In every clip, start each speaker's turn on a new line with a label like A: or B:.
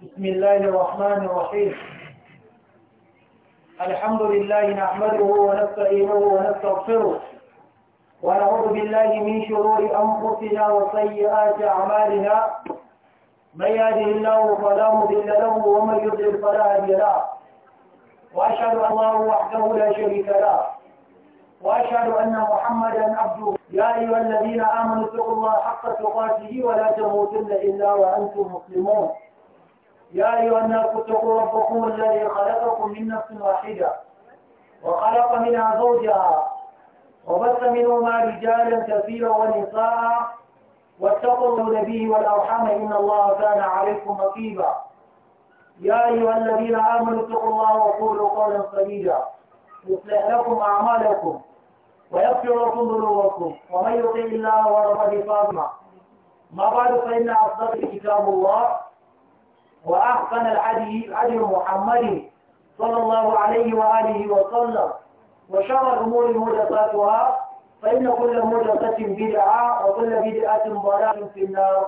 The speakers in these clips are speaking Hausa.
A: بسم الله الرحمن الرحيم الحمد لله نحمده ونستعينه ونستغفره ونعوذ بالله من شرور أنفسنا وسيئات أعمالنا من يهده الله فلا مضل له ومن يضلل فلا هادي له وأشهد أن الله وحده لا شريك له وأشهد أن محمدا عبده يا أيها الذين آمنوا اتقوا الله حق تقاته ولا تموتن إلا وأنتم مسلمون يا أيها الناس اتقوا ربكم الذي خلقكم من نفس واحدة وخلق منها زوجها وبث منهما رجالا كثيرا ونساء واتقوا النبي والأرحام إن الله كان عليكم رقيبا يا أيها الذين آمنوا اتقوا الله وقولوا قولا سديدا يصلح لكم أعمالكم ويغفر لكم ذنوبكم ومن يطع الله ورسوله فاطمة ما بعد فإن أصدق كتاب الله وأحسن الحديث هدي محمد صلى الله عليه وآله وسلم وشر الأمور محدثاتها فإن كل محدثة بدعة وكل بدعة ضلال في النار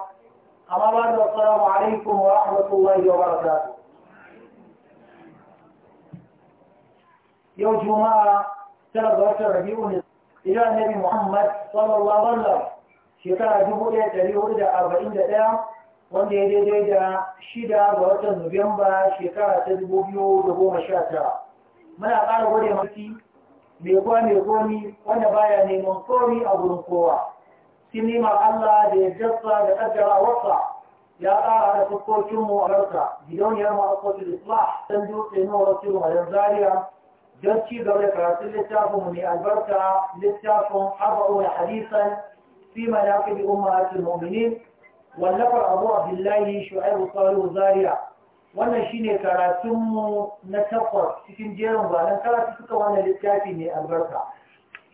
A: أما بعد السلام عليكم ورحمة الله وبركاته يوم جمعة ثلاثة عشر ربيع إلى النبي محمد صلى الله عليه وسلم شكرا جبوا إلى تريد أربعين دقيقة wanda ya daidai da shida ga watan Nuwamba shekara ta dubu biyu da goma sha tara. Muna ƙara gode mafi mai kuwa mai komi wanda baya neman komi a gurin kowa. Sinima Allah da ya jasa da ƙaddara wasa ya ƙara da mu a barka gidauniyar ma'aikotul Islah san dutse na wasu wajen Zaria don ci gaba da karatun littafinmu mai albarka littafin arba'una hadisan fi manaƙi kuɗi ummatul mu'minin wallafar abu abdullahi shu'aibu salihu zaria wannan shine karatunmu na takwas cikin jerin gwanon karatu suka wannan littafi mai albarka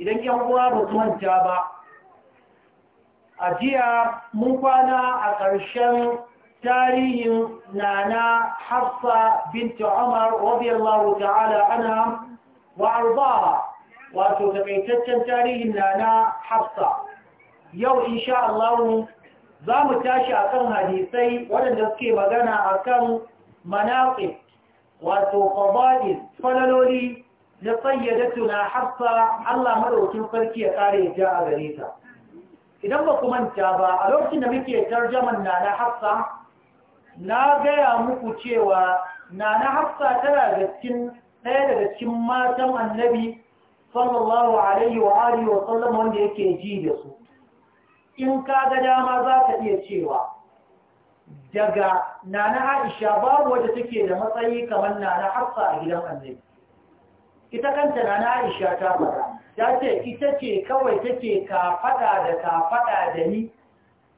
A: idan yan uwa ba su manta ba a jiya mun kwana a ƙarshen tarihin nana hafsa binta umar radiyallahu ta'ala ana wa arzaha wato takaitaccen tarihin nana hafsa yau insha Allah za mu tashi a kan hadisai waɗanda suke magana a kan manaƙi wato ƙwabaɗi falaloli na tsayyadatu na hafsa Allah maɗaukin sarki ya ƙare ja a gare ta. Idan ba manta ba a lokacin da muke tarjaman na na hafsa, na gaya muku cewa na na hafsa tana da cikin ɗaya daga cikin matan annabi sallallahu alaihi wa alihi Sallama wanda yake ji da su. in ka ga dama za ka iya cewa daga nana aisha babu wadda take da matsayi kamar nana hafsa a gidan annabi ita kanta nana aisha ta faɗa ta ce ita ce kawai take ka faɗa da ka faɗa da ni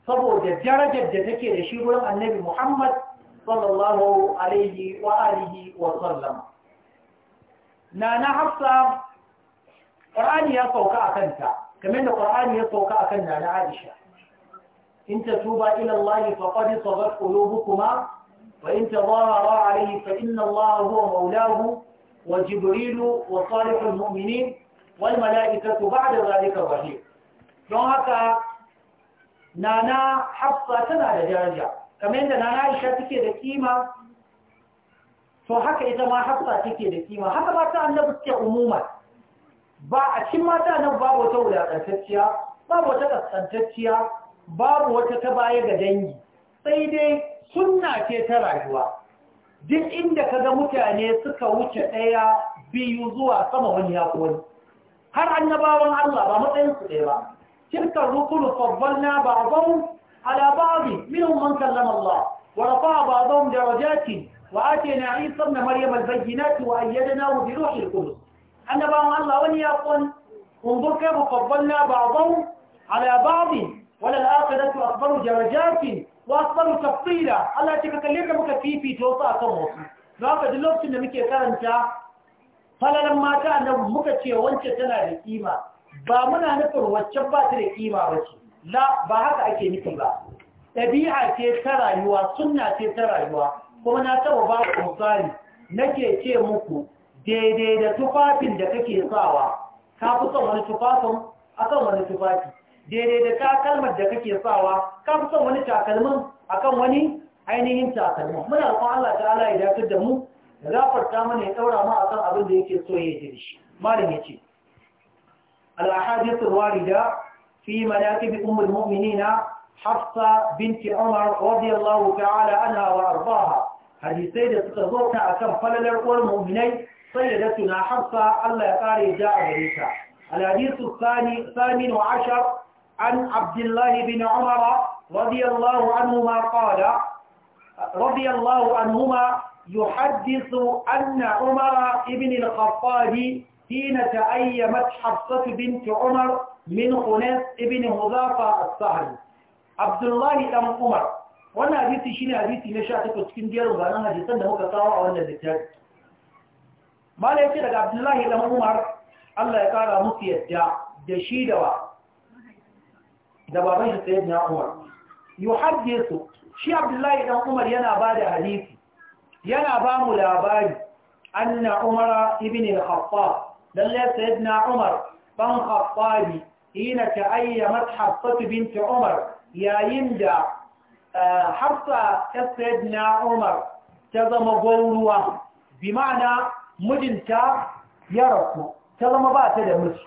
A: saboda darajar da take da shi wurin annabi muhammad sallallahu alaihi wa alihi wa sallam nana hafsa ƙwarani ya sauka a kanta kamar da Qur'ani ya sauka akan Nana Aisha in tatuba ila Allah faqad sabat qulubukuma wa in tadhahara alayhi fa inna Allah huwa wa Jibrilu wa salihul mu'minin wal mala'ikatu ba'da dhalika zahir don haka Nana Hafsa tana da daraja kamar da Nana Aisha take da kima to haka ita ma Hafsa take da kima haka ba ta annabi ce umuma ba a cikin mata nan babu wata wulaƙantacciya babu wata ƙasƙantacciya babu wata ta baya ga dangi sai dai suna ce ta rayuwa duk inda ka ga mutane suka wuce ɗaya biyu zuwa sama wani ya kone har annabawan Allah ba matsayinsu ɗaya ba cikin rukunu faddalna ba'dhum ala ba'd minhum man kallama Allah wa rafa'a ba'dhum darajatin wa atayna Isa na Maryam al-bayyinati wa na bi biro qudus annabawan Allah wani ya kun kumbur kai mafabban na babban alababi wani al’aƙa da su a faru jarajafi wa a faru Allah ce ka kalli da muka fifito su a kan wasu da haka duk lokacin da muke karanta falalan mata da muka ce wacce tana da kima ba muna nufin wancan ba ta da kima ba ce ba haka ake nufi ba ɗabi'a ce ta rayuwa suna ce ta rayuwa kuma na taɓa ba ku na nake ce muku daidai da tufafin da kake sawa ka fi son wani tufafin akan wani tufafi daidai da takalmar da kake sawa ka fi son wani takalmin akan wani ainihin takalmin muna kuma Allah ta'ala ya dafi da mu ya gafarta mana ya daura mu akan abin da yake so ya yi shi malam yace al-ahadith al-warida fi manaqib umm al-mu'minina hafsa binti umar radiyallahu ta'ala anha wa ardaha hadisai da suka zo ta akan falalar uwar mu'minai sai da tuna harsa Allah ya kare da a gare ta alhadisu sani samin wa ashar an abdullahi bin umara radiyallahu anhuma qala radiyallahu anhuma yuhaddisu anna umara ibn al-khattab حين تأيمت حفصة بنت عمر من خنس ابن هضافة الصهر عبد الله أم عمر وانا هديث شين هديث نشأتك وتكين ديال وانا هديثان نموك طاوة وانا هديثان mala yace daga abdullahi dan umar Allah ya kara musu yadda da shi da wa da baban shi sayyidina umar shi abdullahi dan umar yana ba da hadisi yana ba mu labari anna umara ibn al-khattab lalle umar ban ina hina ta'ayyamat hafsatu bint umar yayin da eh, hafsa ta umar ta zama gwauruwa bi ma'ana mijinta ya rasu ta zama ba ta da miji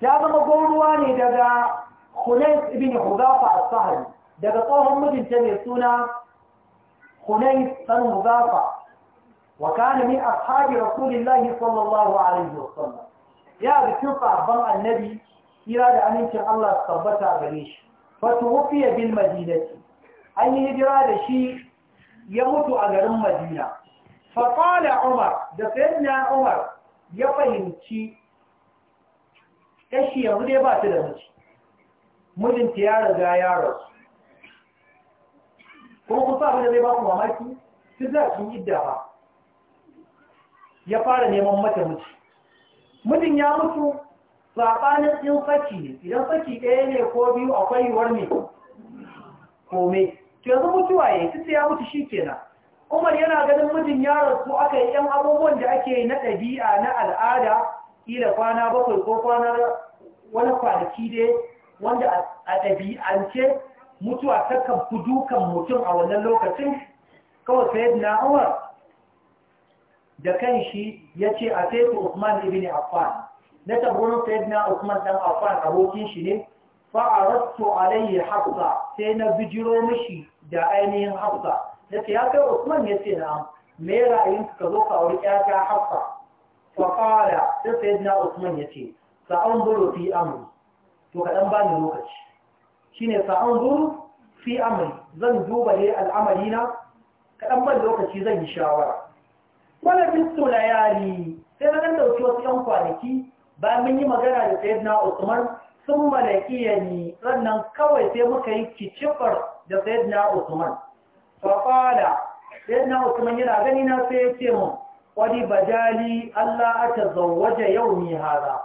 A: ta zama gwamnuwa ne daga hunais ibn huzafa a sahari daga tsohon mijinta mai suna hunais san huzafa wa kana min ashabi rasulillahi sallallahu alaihi wasallam ya ga cikin annabi kira da amincin Allah su tabbata gare shi fatuwufiya bin madinati an yi hijira da shi ya mutu a garin madina faƙala umar da sayyidina umar ya fahimci kashi yanzu dai ba su da miji mijinta ya riga ya rasu kuma kusa abin da zai ba su mamaki su za su yi ba ya fara neman mata miji mijin ya mutu saɓanin ɗin saki ne idan saki ɗaya ne ko biyu akwai yiwuwar ne kome ke zuwa mutuwa ya yi ya mutu shi kenan umar yana ganin mijin yaron su aka yi yan abubuwan da ake na ɗabi'a na al'ada ila kwana bakwai ko kwana wani kwanaki dai wanda a ɗabi'ance mutuwa ta fi dukan mutum a wannan lokacin kawai sayar na umar da kan shi ya ce a ku usman ibn affan na tabbun sayar na usman ɗan affan abokin shi ne fa'arattu alayhi hafsa sai na bijiro mishi da ainihin hafsa na ya kai Usman ya ce na me ra'ayin ka zo ka auri ƴata Hafsa fa qala sai sayyidina Usman ya ce sa anzuru fi amri to ka dan ni lokaci shine sa anzuru fi amri zan duba ne al'amari na ka dan lokaci zan yi shawara wala bisu layali sai na dan dauki wasu yan kwanaki ba mun yi magana da sayyidina Usman sun malakiyani sannan kawai sai muka yi kicifar da sayyidina Usman faƙala sai na usman yana gani na sai ya ce mun wani bajali allah aka ta yau ni haza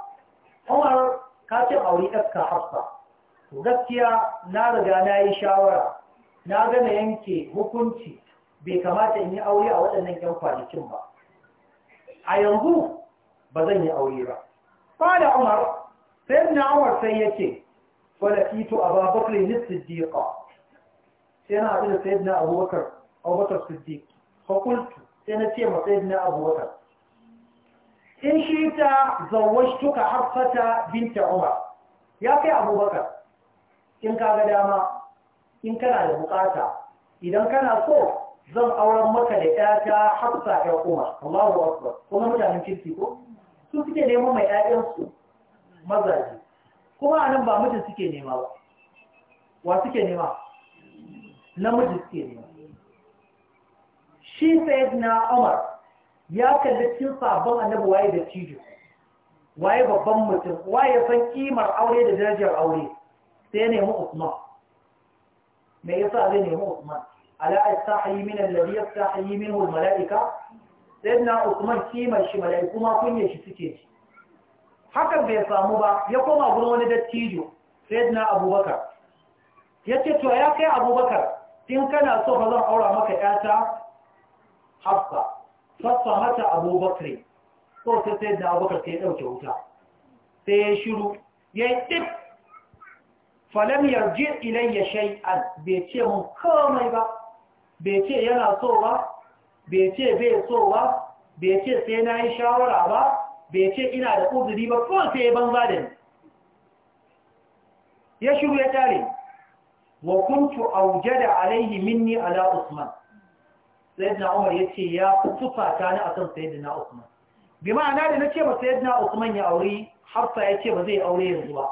A: umar ka ce auri ɗaska hafsa gaskiya na riga na yi shawara na gana yanke hukunci bai kamata in yi aure a waɗannan 'yan kwanakin ba a yanzu ba zan yi aure ba fada umar sai na umar sai ya ce wadda fito a babakar nisiddiƙa sai na haɗu da sayyidina abubakar abubakar siddiq fakultu sai na ce ma na abubakar in shi ta zawwashtuka hafsata binta umar ya kai abubakar in ka ga dama in kana da bukata idan kana so zan auren maka da ƴata hafsa ƴar umar Allahu akbar kuma mutanen kirki ko Sun suke neman mai ƴaƴansu mazaje kuma anan ba mutum suke nema ba wa suke nema namiji suke nema shi sayid na umar ya kalli cin sabon annabi waye da cijo waye babban mutum waye san kimar aure da darajar aure sai mu usman me yasa zai mu usman ala as-sahi min alladhi yastahi minhu mala'ika? sayyidina usman kimar shi malaiku ma kunye shi suke ji hakan bai samu ba ya koma gurin wani dattijo sayyidina abubakar yace to ya kai abubakar in kana so ba zan aura maka yata hafsa fassa mata abubakar ko sai sai da abubakar sai ya dauke wuta sai ya shiru ya yi tip falam yarji ilayya shay'an bai ce mun komai ba bai ce yana so ba bai ce bai so ba bai ce sai na yi shawara ba bai ce ina da uzuri ba ko sai ya banza da ni ya shiru ya tare wa kuntu aujada alaihi minni ala usman sayyidina umar yace ya fufata ni akan sayyidina usman bi ma'ana da nace ba sayyidina usman ya aure ya yace ba zai aure yanzu ba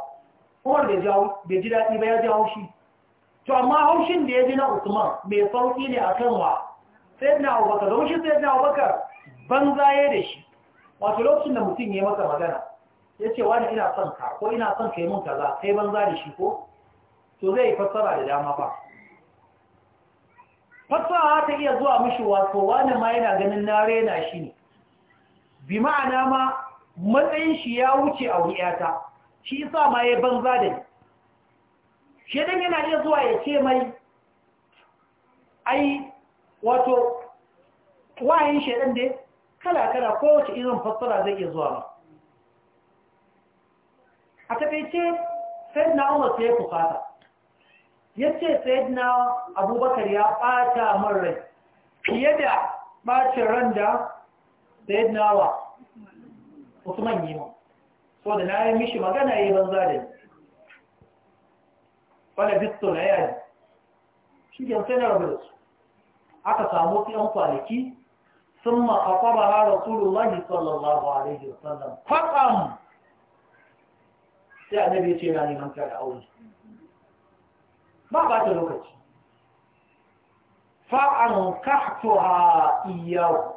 A: umar bai jawo bai ji dadi ba ya ji haushi. to amma haushin da ya ji na usman mai sauki ne akan wa sayyidina abubakar don shi sayyidina abubakar banza ya da shi wato lokacin da mutum ya maka magana ya ce wani ina son ka ko ina son ka yi mun kaza kai banza da shi ko to zai yi fassara da dama ba fassara ta iya zuwa mishi wato wani ma yana ganin na rena shi ne bi ma'ana ma matsayin shi ya wuce a wuyata shi isa ma ya banza da ni shedan yana iya zuwa ya ce mai ai wato wayin shedan dai kala-kala kowace irin fassara zai iya zuwa ba. a ce sai na umar sai ya fukata ya ce sayyidina abubakar ya ɓata min rai fiye da ɓacin ran da sayyidina wa usman yi ma so da na yi mishi magana ya yi banza da ni wadda bisto na yaya ne. shi ke sai na rabu da su aka samu su yan kwanaki sun makakwaba ha rasulullahi sallallahu alaihi wasallam kwatsam sai annabi ya ce na neman kare aure ba ba ta lokaci fa'an kahtuha iyawu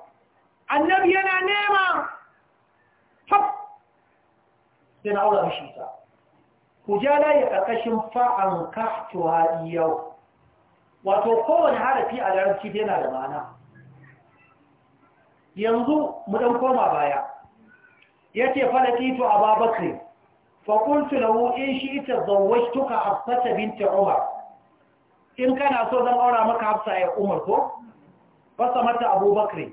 A: annabi yana nema fab sai na aura ta kujala ya ƙarƙashin fa'an kahtuha iyawu wato kowane harafi a larabci yana da mana yanzu mu ɗan koma baya yace falakitu ababakri fa qultu lahu in shi'ta zawwajtuka hafsata bint umar in kana so zan aura maka hafsa ya umar ko fasa mata abubakar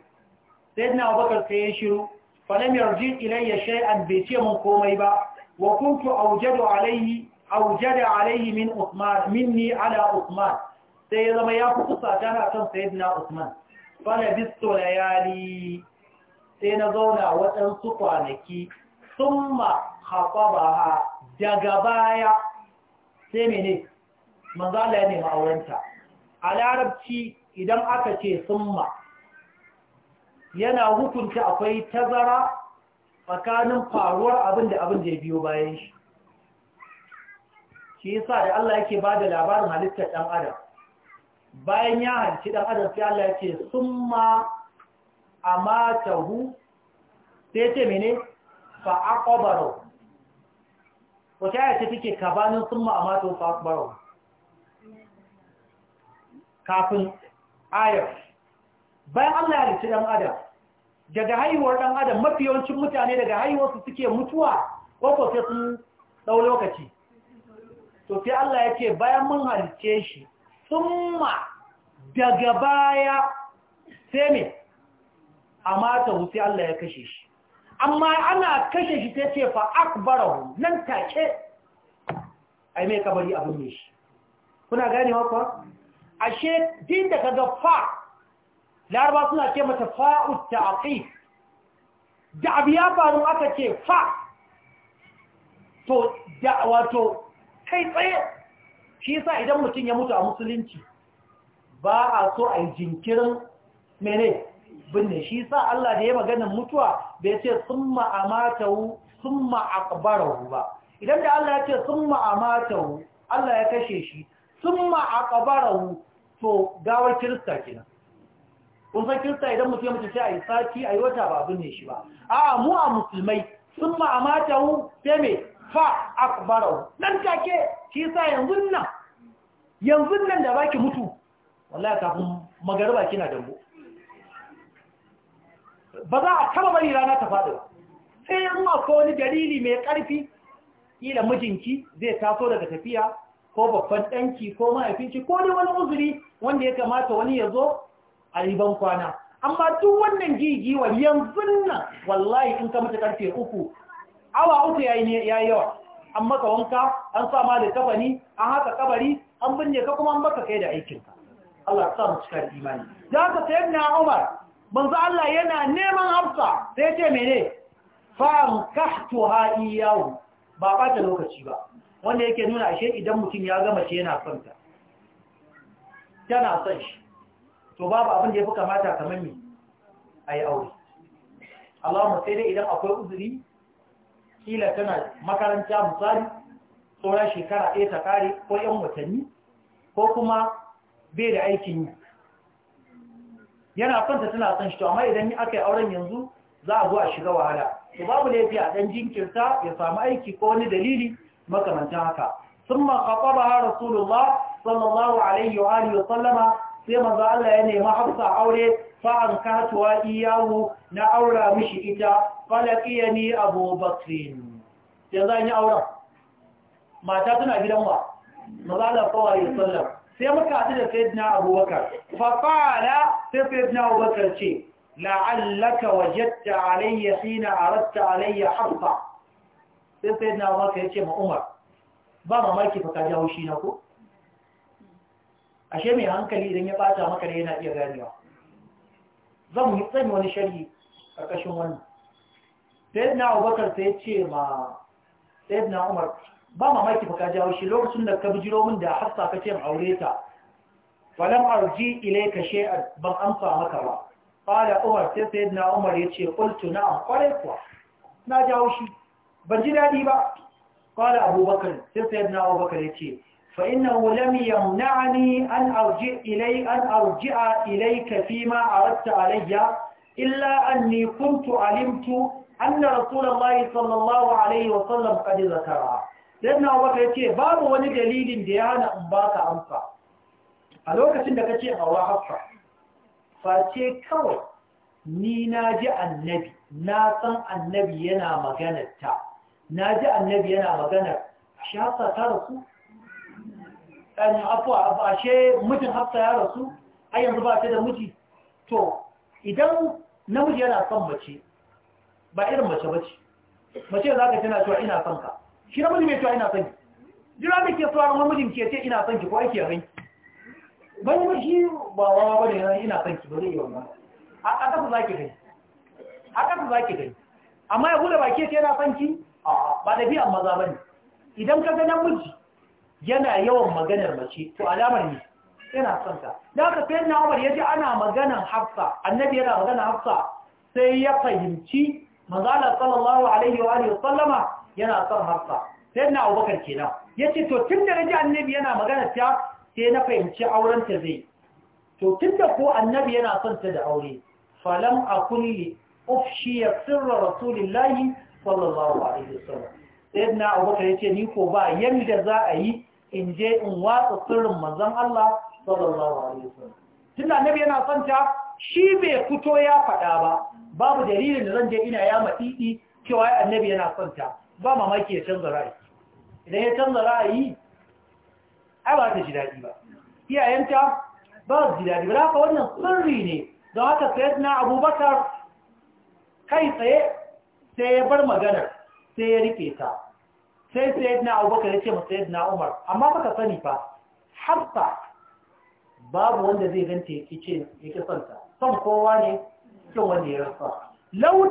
A: sai na abubakar sai ya shiru falam yarji ilayya shay'an bai ce mun komai ba wa kuntu aujadu alayhi aujada alayhi min usman minni ala usman sai ya zama ya fi kusa ta kan sayyidina usman fala bisto layali sai na zauna waɗansu kwanaki summa ma daga baya sai menene manzala ya nemi aurenta a larabci idan aka ce summa yana hukunta akwai tazara tsakanin faruwar abin da abin da ya biyo bayan shi shi yasa da Allah yake ba da labarin halittar ɗan adam bayan ya halci ɗan adam sai Allah yake summa hu sai ce mene fa wata ayata take kabanin summa mata hu fa’aƙobarau kafin ayar bayan Allah ya halitta ɗan adam daga haihuwar ɗan adam mafi yawancin mutane daga haihuwarsu suke mutuwa ko sai sun ɗau lokaci to sai Allah ya ce bayan mun halice shi summa daga baya sai me a mata wuce Allah ya kashe shi amma ana kashe shi ta ce fa akbarahu nan take ai mai kabari abin ne shi kuna gane makwa ashe din da kaga fa laraba suna ce mata fa'u ta'qif da abu ya faru aka ce fa to da wato kai tsaye shi yasa idan mutum ya mutu a musulunci ba a so a yi jinkirin mene binne shi yasa Allah da ya magana mutuwa bai ce summa amatahu summa aqbarahu ba idan da Allah ya ce summa amatahu Allah ya kashe shi summa aqbarahu to gawar kirista kina, kun san kirista idan mutum ya mutu sai a yi sati a yi wata ba abin ne shi ba a mu a musulmai sun ma'amata hu sai mai fa akbarau nan take shi sa yanzu nan yanzu nan da baki mutu wallahi kafin magariba kina dambo ba za a taba bari rana ta faɗi ba sai yanzu akwai wani dalili mai ƙarfi ila mijinki zai taso daga tafiya ko babban ɗanki ko mahaifinki ko dai wani uzuri wanda ya kamata wani ya zo a riban kwana amma duk wannan gigiwar yanzu nan wallahi in ka mutu karfe uku awa uku yayi yawa an maka wanka an sa ma da kafani an haka kabari an binne ka kuma an baka kai da aikinka Allah ya sa mu cika imani da ka sayar na Umar manzo Allah yana neman Hafsa sai ce mene fa an kahtuha iyahu ba ba ta lokaci ba wanda yake nuna ashe idan mutum ya gama ce yana son ta tana son shi to babu abin da ya fi kamata kamar me a yi aure Allahumma sai dai idan akwai uzuri kila tana makaranta misali tsoron shekara ɗaya ta kare ko ‘yan watanni ko kuma bai da aikin yi yana son ta tana son shi to amma idan aka yi auren yanzu za a zo a shiga wahala to babu laifi a ɗan jinkirta ya samu aiki ko wani dalili makamancin haka sun makasaba ha rasulullah sallallahu alaihi wa Aliyu sallama. sai maza Allah ya nemi hafsa aure fa an katuwa iyahu na aura mishi ita falaqiyani abu bakrin yanzu an yi aura mata tana gidan wa manzo Allah kowa alaihi sallam. sai muka haɗu da sayyidina abubakar fa qala sai sayyidina abubakar ce la'allaka wajadta alayya hina aradta alayya hafsa sai sai na umar ya ce ma umar ba mamaki fa ka jawo shi na ko ashe mai hankali idan ya bata maka ne yana iya ganewa zan mu yi wani shari ƙarƙashin wannan sai na abubakar sai ya ce ma sai na umar ba mamaki fa ka jawo shi lokacin da ka bijiro min da hafsa ka ce ma aure ta falam arji ilayka shay'an ban amsa maka ba qala umar sai na umar ya yace qultu na'am qarai kuwa na jawo shi ban ji daɗi ba qala abubakar sai sayyidina abubakar yace fa innahu lam yamna'ni an arji ilai an arji'a ilayka fima alayya illa anni kuntu alimtu anna rasulullahi sallallahu alaihi wa sallam qad zakara sayyidina abubakar yace babu wani dalilin da ya hana in ka amsa a lokacin da kace awa hafsa face kawai ni na ji annabi na san annabi yana maganarta na ji annabi yana magana ashe hafsa ta rasu ɗan ba ashe mutum hafsa ya rasu a yanzu ba ta da miji to idan namiji yana son mace ba irin mace bace mace za ka tana cewa ina son ka shi namiji mai cewa ina son ki jira da ke tsawon mamajin ke ce ina son ki ko ake rai ban yi shi ba wawa ba ne ina son ki ba zai yi wannan a ƙasa za ki gani a ƙasa za ki gani amma ya bude ba ke ce yana son ki ba da biyan maza ba ne idan ka ga namiji yana yawan maganar mace to alamar ne yana son ta da aka sayar na umar ya ji ana maganar hafsa annabi yana maganar hafsa sai ya fahimci mazala sallallahu alaihi wa alihi sallama yana son hafsa sai na abubakar kenan ya ce to tun da naji annabi yana maganar ta sai na fahimci auren ta zai to tun da ko annabi yana son ta da aure falam akun li ufshiya sirra rasulillahi sallallahu alaihi wasallam sayyidina abubakar yace ni ko ba yanda za a yi in je in watsa sirrin manzon Allah sallallahu alaihi wasallam tunda annabi yana son ta shi bai fito ya faɗa ba babu dalilin da zan je ina ya matidi cewa annabi yana son ta ba mamaki ya canza ra'ayi idan ya canza ra'ayi ai ba ta ji daɗi ba iyayenta ba su ji daɗi ba da haka wannan sirri ne don haka sayyidina abubakar kai tsaye sai ya bar maganar sai ya rike ta sai sayyidina abubakar ya ce ma sayyidina umar amma baka sani fa hafsa babu wanda zai ganta ya ce yake son ta son kowa ne kin wanda ya rasa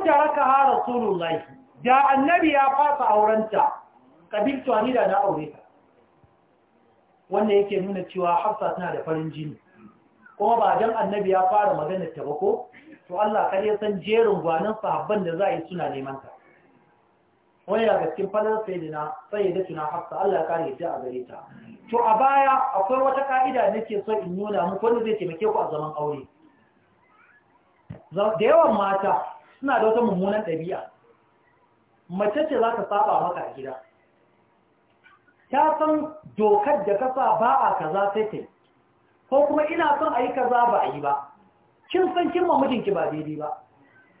A: ta raka ha rasulullahi da annabi ya fasa aurenta ta, ani na aure ta wanda yake nuna cewa hafsa tana da farin jini kuma ba dan annabi ya fara maganar ta ba ko to Allah kar ya san jerin gwanin sahabban da za a yi suna neman ta wani daga cikin falar sayyidina sayyida tuna hafsa Allah ya kare ta a gare ta to a baya akwai wata ka'ida da nake so in nuna muku wanda zai taimake ku a zaman aure da yawan mata suna da wata mummunan ɗabi'a mace ce za ta saba maka a gida ta san dokar da ka sa ba a kaza sai ta ko kuma ina son a yi kaza ba a yi ba kin san kin ma mijinki ba daidai ba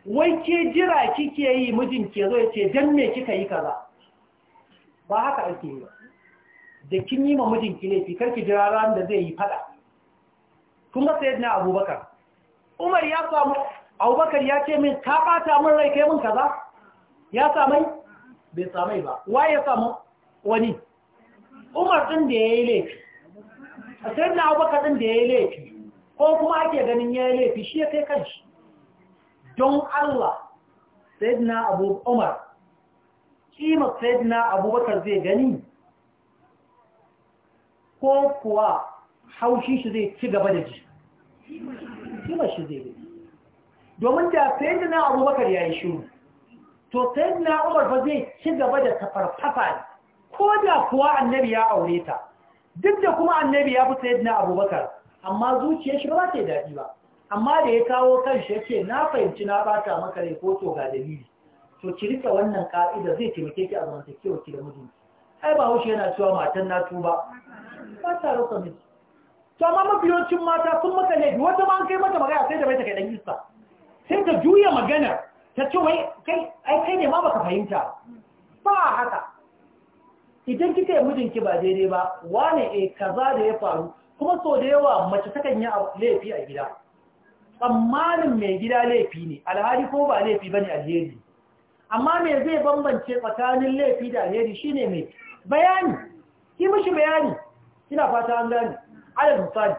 A: wai ke jira kike yi mijinki ya zo ya ce dan me kika yi kaza ba haka ake yi ba da kin yi ma mijinki ne fi karki jira ran da zai yi fada kun ga sayyidina abubakar umar ya samu abubakar ya ce min ka bata min rai kai min kaza ya samai bai samai ba wa ya samu wani umar din da yayi laifi sayyidina abubakar din da yayi laifi ko kuma ake ganin ya yi laifi shi ya kai kanshi don Allah sayyidina abu umar kima sayyidina abubakar zai gani ko kuwa haushi shi zai ci gaba da ji kima shi zai gani domin da sayyidina abubakar ya yi shiru to sayyidina umar ba zai ci gaba da tafarfafa ko da kuwa annabi ya aure ta duk da kuma annabi ya fi sayyidina abubakar amma zuciyar shi ba ta daɗi ba amma da ya kawo kanshi yake na fahimci na bata maka rai ko to ga dalili to ki rika wannan ka'ida zai taimake ki a zamantakewar ki da mijinki ai ba haushi yana cewa matan na tuba ba ta rasa miji to amma mabiyocin mata sun maka laifi wata ma an kai mata magana sai da bai ta kai dan iska sai ta juya magana ta ce wai kai ai kai ne ma baka fahimta ba haka idan kika yi mijinki ba daidai ba wane eh kaza da ya faru kuma so da yawa mace takan yi laifi a gida tsammanin mai gida laifi ne alhali ko ba laifi a alheri amma me zai bambance tsakanin laifi da alheri shine mai bayani ki mishi bayani kina fata an gane ala misali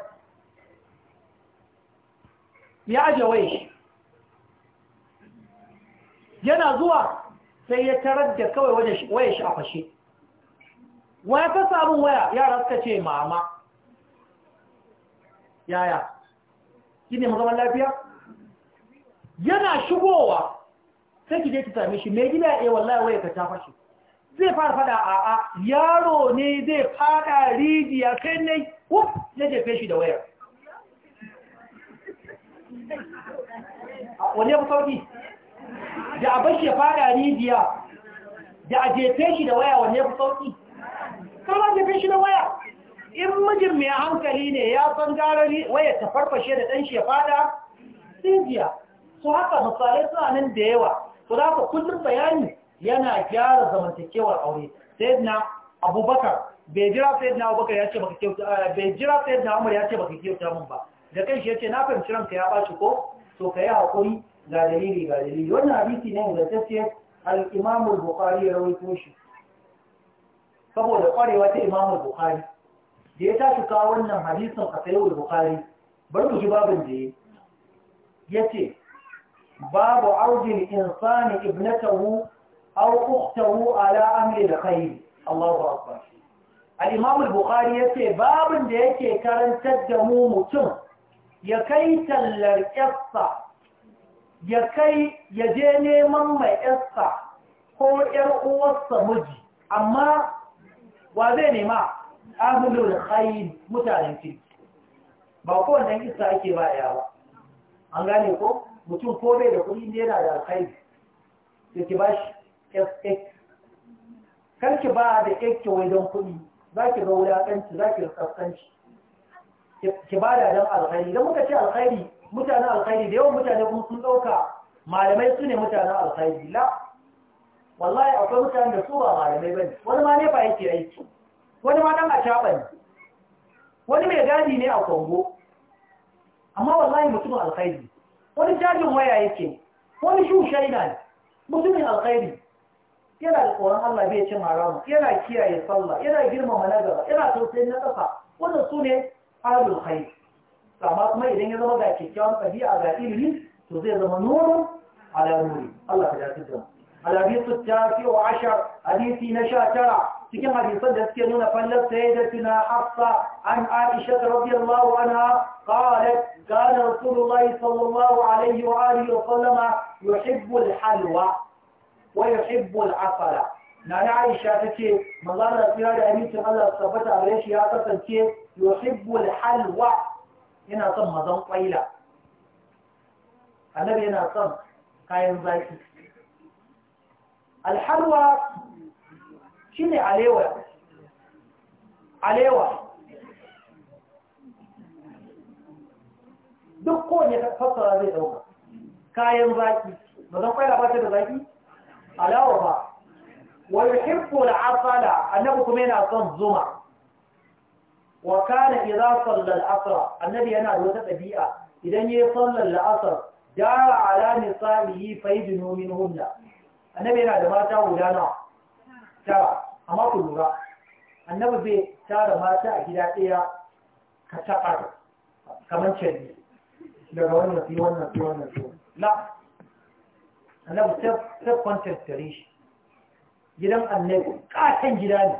A: ya aje wai yana zuwa sai ya tarar da kawai waya shi a fashe waya ta samun waya yara suka ce mama yaya shi ne zaman lafiya yana shigowa sai ki je ki same shi mai gina eh wallahi waye ka ta shi zai fara fada a a yaro ne zai fada rijiya kai ne wuf ya jefe shi da wayar wani ya sauki da a bashi ya fada rijiya da a jefe shi da waya wani ya fi sauki kama jefe shi da waya in mijin mai hankali ne ya san garari waya ta farfashe da ɗan ya fada sinjiya su haka misalai suna nan da yawa su da haka kullum bayani yana gyara zamantakewar aure sai na abubakar bai jira sai na abubakar ya ce baka kyauta eh, bai jira sai na umar ya ce baka kyauta mun ba da kanshi ya ce na fahimci ranka ya ɓaci ko to ka yi haƙuri ga dalili ga dalili wannan hadisi ne da tafiye al-imamul bukhari ya rawaito shi saboda ƙwarewa ta imamul bukhari da ya tashi kawo wannan hadisin a sayo bukari bar mu ji babin da ya ya ce babu aujin insani ibnatahu au ukhtahu ala amri da kai Allahu akbar al-imam al-bukhari yace babin da yake karantar da mu mutum ya kai tallar yassa ya kai ya je neman mai yassa ko yar uwarsa miji amma wa zai nema da khayr mutanen ki ba ko wannan kisa ake ba yawa an gane ko mutum ko bai da kuɗi ne yana da alkhairi Da ki shi FX kar ki ba da X wai don kuɗi za ki ga wulaƙanci za ki ga ki ba da don alkhairi don muka ce alkhairi mutanen alkhairi da yawan mutane kuma sun ɗauka malamai su ne mutanen alkhairi la wallahi akwai mutane da su ba malamai ba ne wani ma ne ba yake aiki wani ma dan ne wani mai gadi ne a kongo amma wallahi mutumin alkhairi wani jajin waya yake wani shu shaida ne mutumin alkhairi yana da tsoron Allah bai cin haramu yana kiyaye sallah yana girmama nagara, yana tausayin na ƙasa. wannan su ne ahlul khair sama kuma idan ya zama ga kyakkyawan ɗabi'a ga ilimi to zai zama nuru ala Allah ka dace da mu al-hadithu at-tasi wa hadisi na tara. cikin hadisan da suke nuna fallar sayyidatina hafsa an aisha radiyallahu anha qalat kana rasulullahi sallallahu alaihi wa alihi wa sallama yuhibbu alhalwa wa yuhibbu al'afala nana aisha tace manzo Allah tsira da amincin Allah tabbata gare shi ya kasance yuhibbu alhalwa yana son mazan kwaila annabi yana son kayan zaki alhalwa shi ne alewa alewa duk kowane fassara zai dauka kayan zaki ba zan kai labata da zaki alawa ba wani hibbo da asala annabi kuma yana son zuma wa kana idza salla al annabi yana da wata ɗabi'a idan yayi sallar al-asr dara ala nisabihi faydunu minhunna annabi yana da mata guda tara amma ku lura annabi zai tara mata a gida ɗaya ka taɓa kamar canji daga wannan fi wannan fi wannan fi la annabi sai kwantar tare shi gidan annabi katon gida ne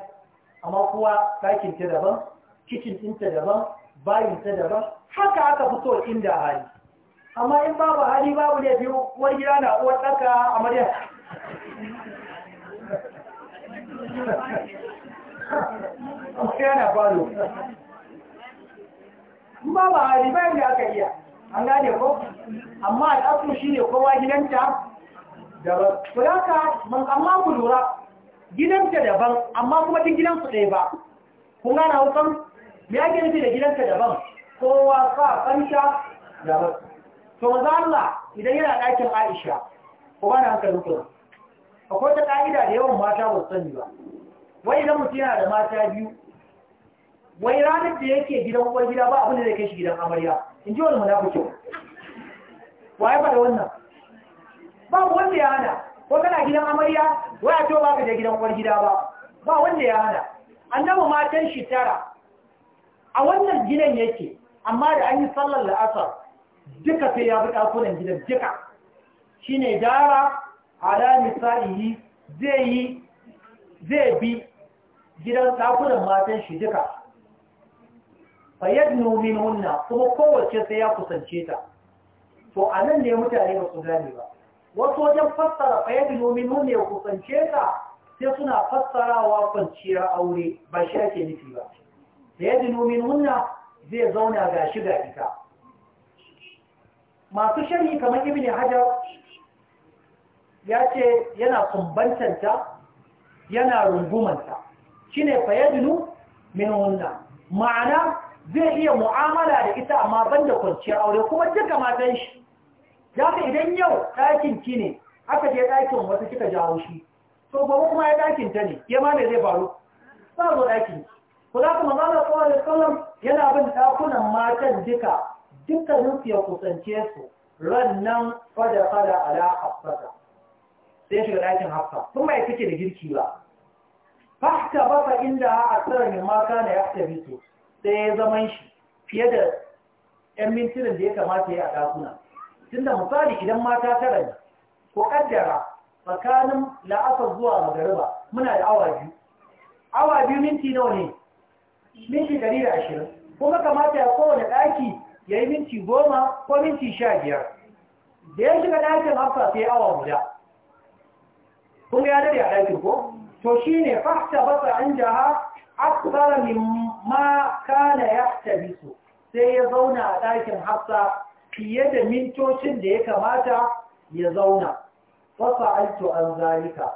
A: amma kuwa ɗakin ta daban kicin ɗinta daban bayin ta daban haka aka fito inda hali amma in babu hali babu laifi uwar gida na uwar ɗaka a maryam akwai yana falo ba ba hari bayan da aka iya an gane ko amma al'asu shi ne kowa gidanta daban kulaka man amma ku lura gidanta daban amma kuma duk gidansu ɗaya ba kun gana hausan me ake nufi da gidanta daban kowa sa kanta daban to maza Allah idan yana ɗakin Aisha ko ba na hankali kuma akwai ta ka'ida da yawan mata ba su sani ba wai idan mutum yana da mata biyu wai ranar da yake gidan uwar gida ba abin da zai kai shi gidan amarya in ji wani Wa ya faɗa wannan Ba wanda ya hana ko kana gidan amarya wai a to ba ka je gidan uwar gida ba ba wanda ya hana annabi matan shi tara a wannan gidan yake amma da an yi sallar la'asar duka sai ya bi ɗakunan gidan duka shine dara ala yi zai yi zai bi gidan sakunan matan shi duka fayyadnu hunna kuma kowace sai ya kusance ta to anan ne mutane ba su gane ba wasu wajen fassara fayyadnu hunna ya kusance ta sai suna fassarawa kwanciyar aure ba shi ake nufi ba fayyadnu hunna zai zauna ga shi ga ita masu sharhi kamar ibn hajar ya ce yana kumbantanta yana rungumanta shi ne fayadinu min hunna ma'ana zai iya mu'amala da ita amma ban da kwanciyar aure kuma duka matan shi za ka idan yau ɗakin ki ne aka je ɗakin wasu kika jawo shi to gobe kuma ya ɗakin ta ne ya ma zai faru ba zo ɗakin ku za ku mazala kawai da kallon yana bin ɗakunan matan duka dukkanin su ya kusance su ran nan fada fada ala asfata sai shiga ɗakin hafsa sun bai take da girki ba fahta ba fa inda a tsara min maka na ya fita bito sai ya zaman shi fiye da ‘yan mintunan da ya kamata ya a ɗakuna tun da misali idan mata tara ne ko ƙaddara tsakanin la'asar zuwa magariba muna da awa biyu awa biyu minti nawa ne minti ɗari da ashirin kuma kamata ya kowane ɗaki ya yi minti goma ko minti sha biyar da ya shiga ɗakin hafsa sai awa guda kun ya dade a ɗakin ko to shine fahta basa an jaha akthara mimma kana su. sai ya zauna a ɗakin hafsa fiye da mintocin da ya kamata ya zauna fasa alto an zalika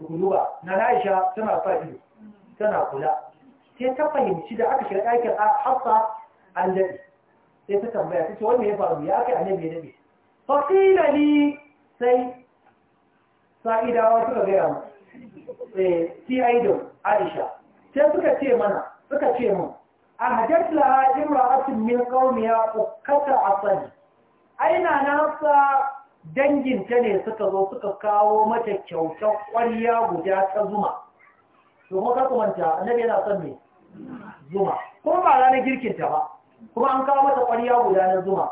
A: kuluwa na Aisha tana faɗi tana kula sai ta fahimci da aka shiga ɗakin hafsa an daɗe sai ta tambaya ta ce wanda ya faru ya kai annabi ya daɗe fasila ni sai sa'idawa suka gaya yi eh, siyaido aisha sai suka ce mana suka ce mun, a hajjar laha imra'atun min qaumiya ukata asali aina nasa danginta ne suka zo suka kawo mata kyautar ƙwarya guda ta zuma domin ka na annabi yana son me zuma kuma ba ranar girkinta ba kuma an kawo mata ƙwarya guda na zuma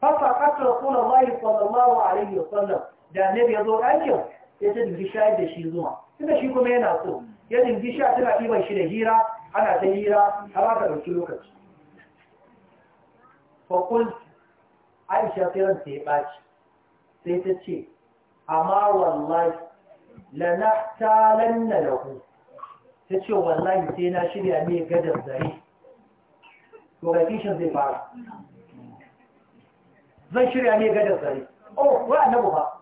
A: fasa kasar sunan Allah sallallahu alaihi wasallam da annabi ya zo ɗakin ya ta dingi shayar da shi zuwa tunda shi kuma yana so ya dingi sha tana ɗiban shi da hira ana ta hira har aka ɗauki lokaci fakul aisha sai ranta ya ɓaci sai ta ce amma wallahi ta lanahtalanna lahu ta ce wallahi sai na shirya ne gadar zare to ga kishin zai fara zan shirya ne gadar zare oh wa annabu ba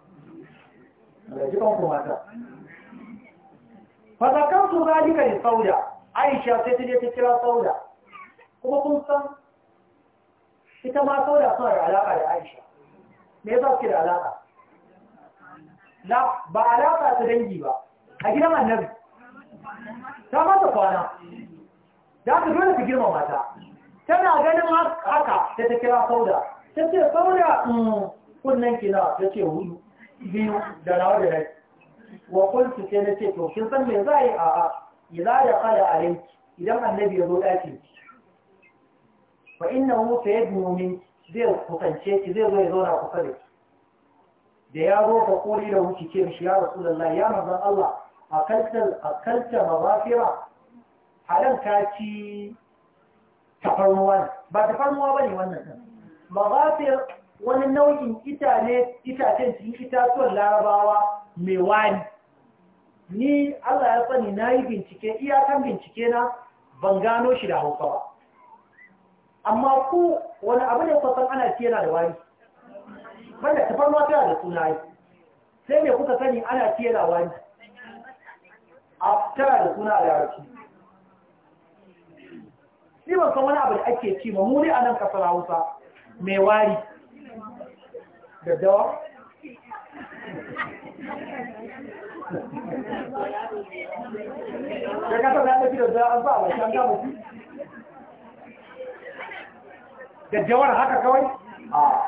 A: fasakan su zalika ne sauda aisha sai ta je ta kira sauda kuma kun san ita ma sauda suna da alaƙa da aisha me za suke da alaƙa ba alaƙa su dangi ba a gidan annabi ta mata kwana za zo dole su girma mata tana ganin haka ta ta kira sauda ta ce sauda mm, kunnen kina ta ce hudu biyu da nawa da rai wa kuntu sai na ce to kin san me za a yi a a idan ya kala a idan annabi ya zo ɗaki fa ina hu fa yadnu min zai kusance ki zai zo ya zauna kusa da ki da ya zo ka kori da wuce ce shi ya rasulullahi ya manzon Allah akalta akalta mabafira halan ka ci tafarnuwa ba tafarnuwa bane wannan mabafir wani nau'in itane itacen cikin itatuwar larabawa mai wani ni Allah ya sani na yi bincike iyakan bincike na ban gano shi da hausa ba amma ku wani abu ne kwasan ana ce yana da wani banda tafarnuwa tana da suna yi sai mai kuka sani ana ce yana wani a tana da suna a larabci ni ban san wani abu da ake ci ma mu ne a nan kasar hausa mai wari da dawa da kasa na tafi da an ba wa shan gama su da jawar haka kawai a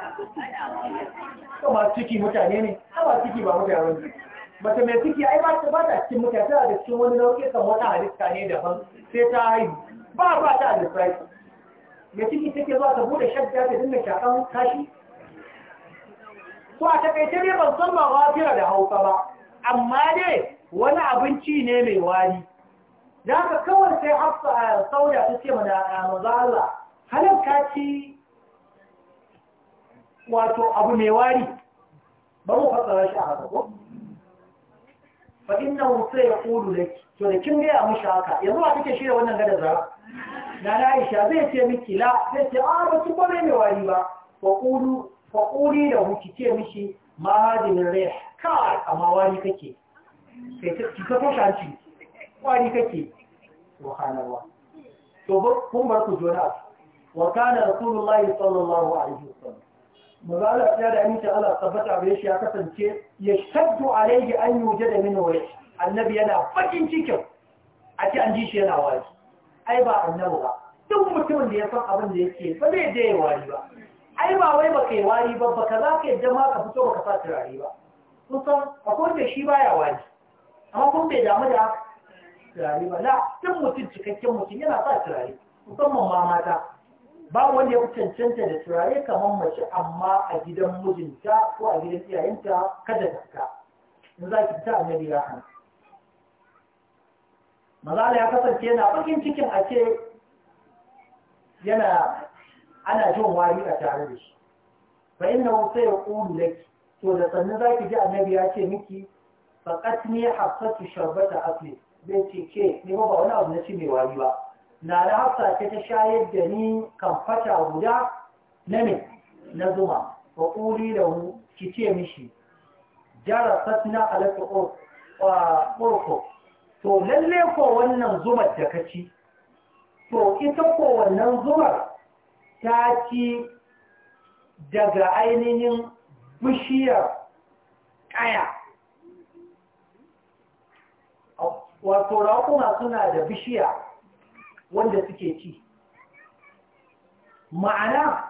A: kama ciki mutane ne kama ciki ba mutane ne mace mai ciki ai ba ta ba cikin mutane tana da cikin wani nau'i kan wata halitta ne daban sai ta haihu ba ba ta da mai ciki take zuwa ta bude shadda ta dinga shakan kashi to a takaice ne ban san wafira da hausa ba amma dai wani abinci ne mai wari da ka kawai sai hafsa a sauya ta ce mana a mazala halin ci wato abu mai wari ba mu fasa shi a haka ko fa inna hu sai ya kulu laki to da kin gaya mushi haka yanzu a kike shirya wannan gada zara na Aisha zai ce miki la zai ce a ah, ba su kwanai mai wari ba wa kulu faƙuri da hukice mishi mahajinin rai kawai amma wani kake sai ta cika ta shanci wani kake subhanallah to kun bar ku jona wa kana rasulullah sallallahu alaihi wasallam maza Allah ya da amince Allah tabbata gare shi ya kasance ya shaddu alaihi an da min wa annabi yana fakin cikin a ce an ji shi yana wari ai ba annabi ba duk mutumin da ya san abin da yake ba zai je ya wari ba ai ba wai baka yi wari ba baka za ka yadda ma ka fito baka sa turare ba kusan san akwai da shi baya wari amma kuma bai damu da turare ba la tun mutum cikakken mutum yana sa turare musamman ma mata ba wanda ya fi cancanta da turare kamar mace amma a gidan mijinta ko a gidan iyayenta kada ta fita in za ki fita a ya hana mazala ya kasance yana bakin cikin a ce yana ana jin wari a tare da shi fa inna hu ya to da sanin zaki ji annabi ya ce miki faqat ni hafsatu sharbata asli zai ce ke ni ba wani abu na ci mai wari ba na da hafsa ce ta shayar da ni kan fata guda na ne na zuma fa quli lahu ki ce mishi jarasat na alaka urko to lalle ko wannan zumar da kaci to ita ko wannan zumar ta ci daga ainihin bishiyar ƙaya wato raƙuma suna da bishiya wanda suke ci ma'ana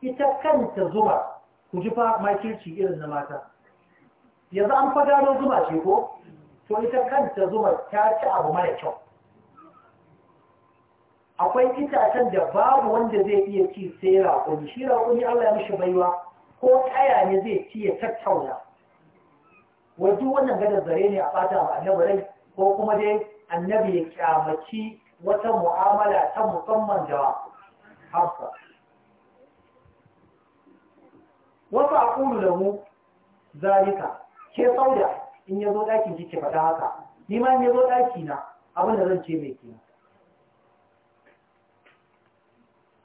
A: ita kanta zuma ku ji fa makirci irin na mata yanzu an fa gano zuma ce ko to ita kanta zuma ta ci abu mara kyau akwai itacen da babu wanda zai iya ci sai raƙuni shi raƙuni Allah ya mishi baiwa ko kaya ne zai ci ya tattauna wajen wannan gadar zare ne a fata ba, annabi rai ko kuma dai annabi ya kyamaci wata mu'amala ta musamman da hafsa wasu a ƙulu da mu zalika ke sauda in ya zo ɗakin ki faɗa haka ni ma in ya zo ɗaki na abin da zan ce mai kina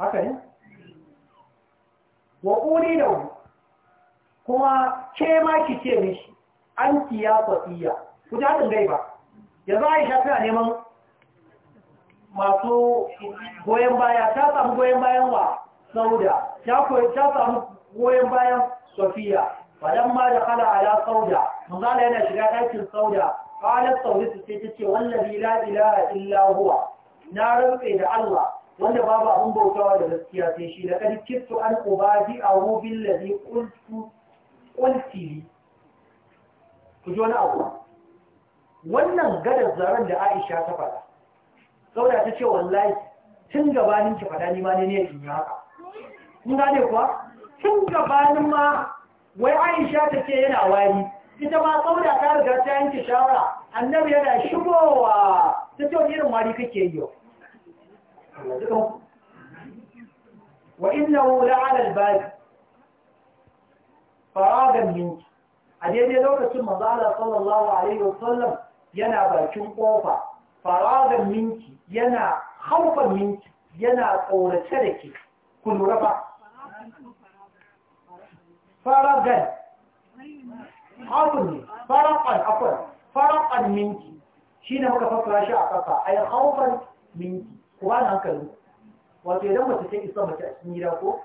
A: haka ne wa ƙuri da kuma ke ma ki ce mishi an kiya fasiya ku ji haɗin gai ba yanzu aisha a neman masu goyon baya ta samu goyon bayan wa sauda ta samu goyon bayan sofiya wadan ma da kala ala sauda manzala yana shiga ɗakin sauda ƙalar sauda su ce ta ce wallabi la'ila ilaha illa huwa na rufe da allah wanda babu abin bautawa da gaskiya sai shi da kadi kittu an ubadi a rubin ladhi qultu qulti ku ji wani abu wannan gadar zaren da Aisha ta faɗa saboda ta ce wallahi tun gabanin ki faɗa ni ma ne ne in yi haka kun gane kuwa tun gabanin ma wai Aisha ta ce yana wari ita ma saboda ta riga ta yanke shawara annabi yana shigowa ta ce wani irin wari kake yi yau وإنه لعلى الباب فراغا منك أجل لوكة مضالة صلى الله عليه وسلم ينا باكين قوفا فراغا منك ينا خوفا منك ينا قولة شركي كل رفع فراغا حاضرني فرقا أفر فرقا منك شين هو كفر شعبك أي خوفا منك ku ba hankali wato idan mace ta isa mace a cikin gida ko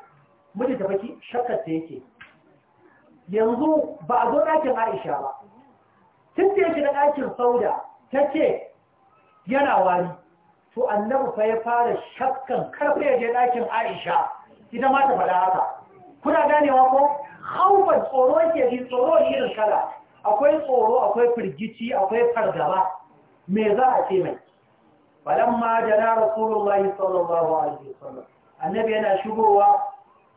A: miji ta faki shakkar ta yake yanzu ba a zo ɗakin Aisha ba tun da yake da ɗakin Sauda ta ce yana wari to annabi fa ya fara shakkan karfe ya je ɗakin Aisha ita ma ta faɗa haka kuna ganewa ko haufar tsoro ke tsoron tsoro irin kala akwai tsoro akwai firgici akwai fargaba me za a ce mai falamma jana rasulullahi sallallahu alaihi wasallam annabi yana shigowa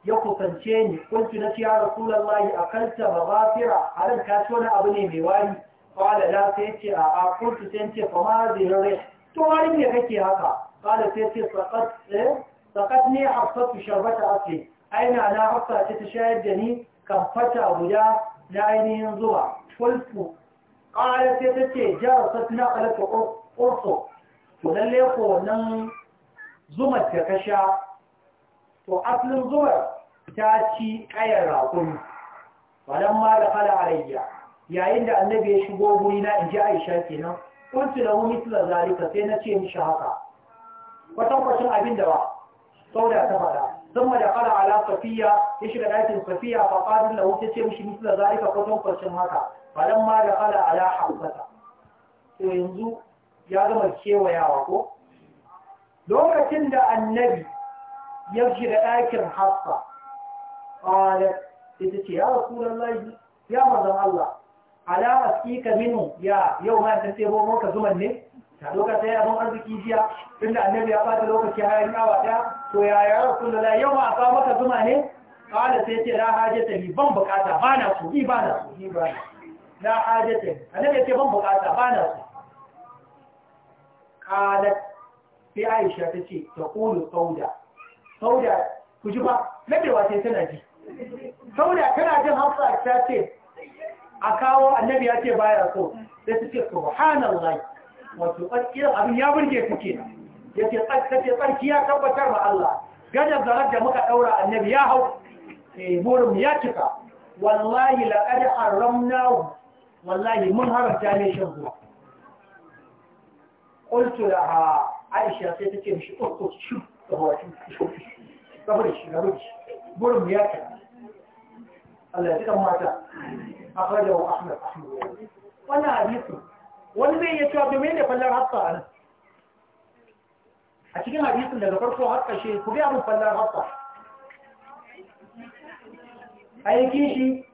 A: ya kusance ni kuntu na ciya rasulullahi akalta maghafira halin ka ci na abu ne mai wari qala la sai ce a a kuntu sai ce fa ma zirre to wani ne kake haka qala sai ce saqat saqat ni hafsatu sharbata asli aina na hafsa ce ta shayar da ni kan fata guda na ainihin zuwa kulfu qala sai ta ce jarasat na qalatu ursu to lalle ko wannan zumar da ka sha to asalin zumar ta ci ƙayar raƙumi wadan ma da kala alayya yayin da annabi ya shigo guri na inji aisha kenan kuntu lahu mithla zalika sai na ce mishi haka kwatankwacin abin da ba da ta faɗa ثم دخل على صفية يشغل آية صفية فقال له تسير مش مثل ذلك فتوقع شمهك فلما دخل على حفصة yanzu? ya gama kewayawa ko lokacin da annabi ya shiga ɗakin hafsa ƙwarar ita ce ya rasulun lahi ya mazan Allah ala asika minu ya yau ma ta tsebo maka zuman ne ta doka sai abin arziki jiya Inda annabi ya bata lokaci har yi awa ɗaya to ya ya rasulun lahi yau ma a kawo maka zuma ne ƙwarar sai ce la hajjata ni ban bukata ba na su ni ba na su ni ba na la ta ni annabi ya ce ban bukata ba na su qalat sai Aisha ta ce ta qulu sauda sauda ku ji ba nadewa ce tana ji sauda tana jin Hafsa ta ce a kawo annabi ya ce baya so sai ta ce subhanallahi wato tsakiyar abin ya burge su ke ya ce tsarki ya tabbatar ma Allah gada zarar da muka daura annabi ya hau burin ya cika wallahi laqad haramna wallahi mun haramta ne shan zuwa قلت لها عائشة سيتكي مش أخطط شوف هو شوف قبرش قبرش برم ياكل الله يجزيك مات أخرجه أحمد أحمد وأنا حديثه wani zai iya cewa domin da fallar hatsa a nan a cikin hadisin daga farko har ƙashe ku biya mun fallar hatsa a yi kishi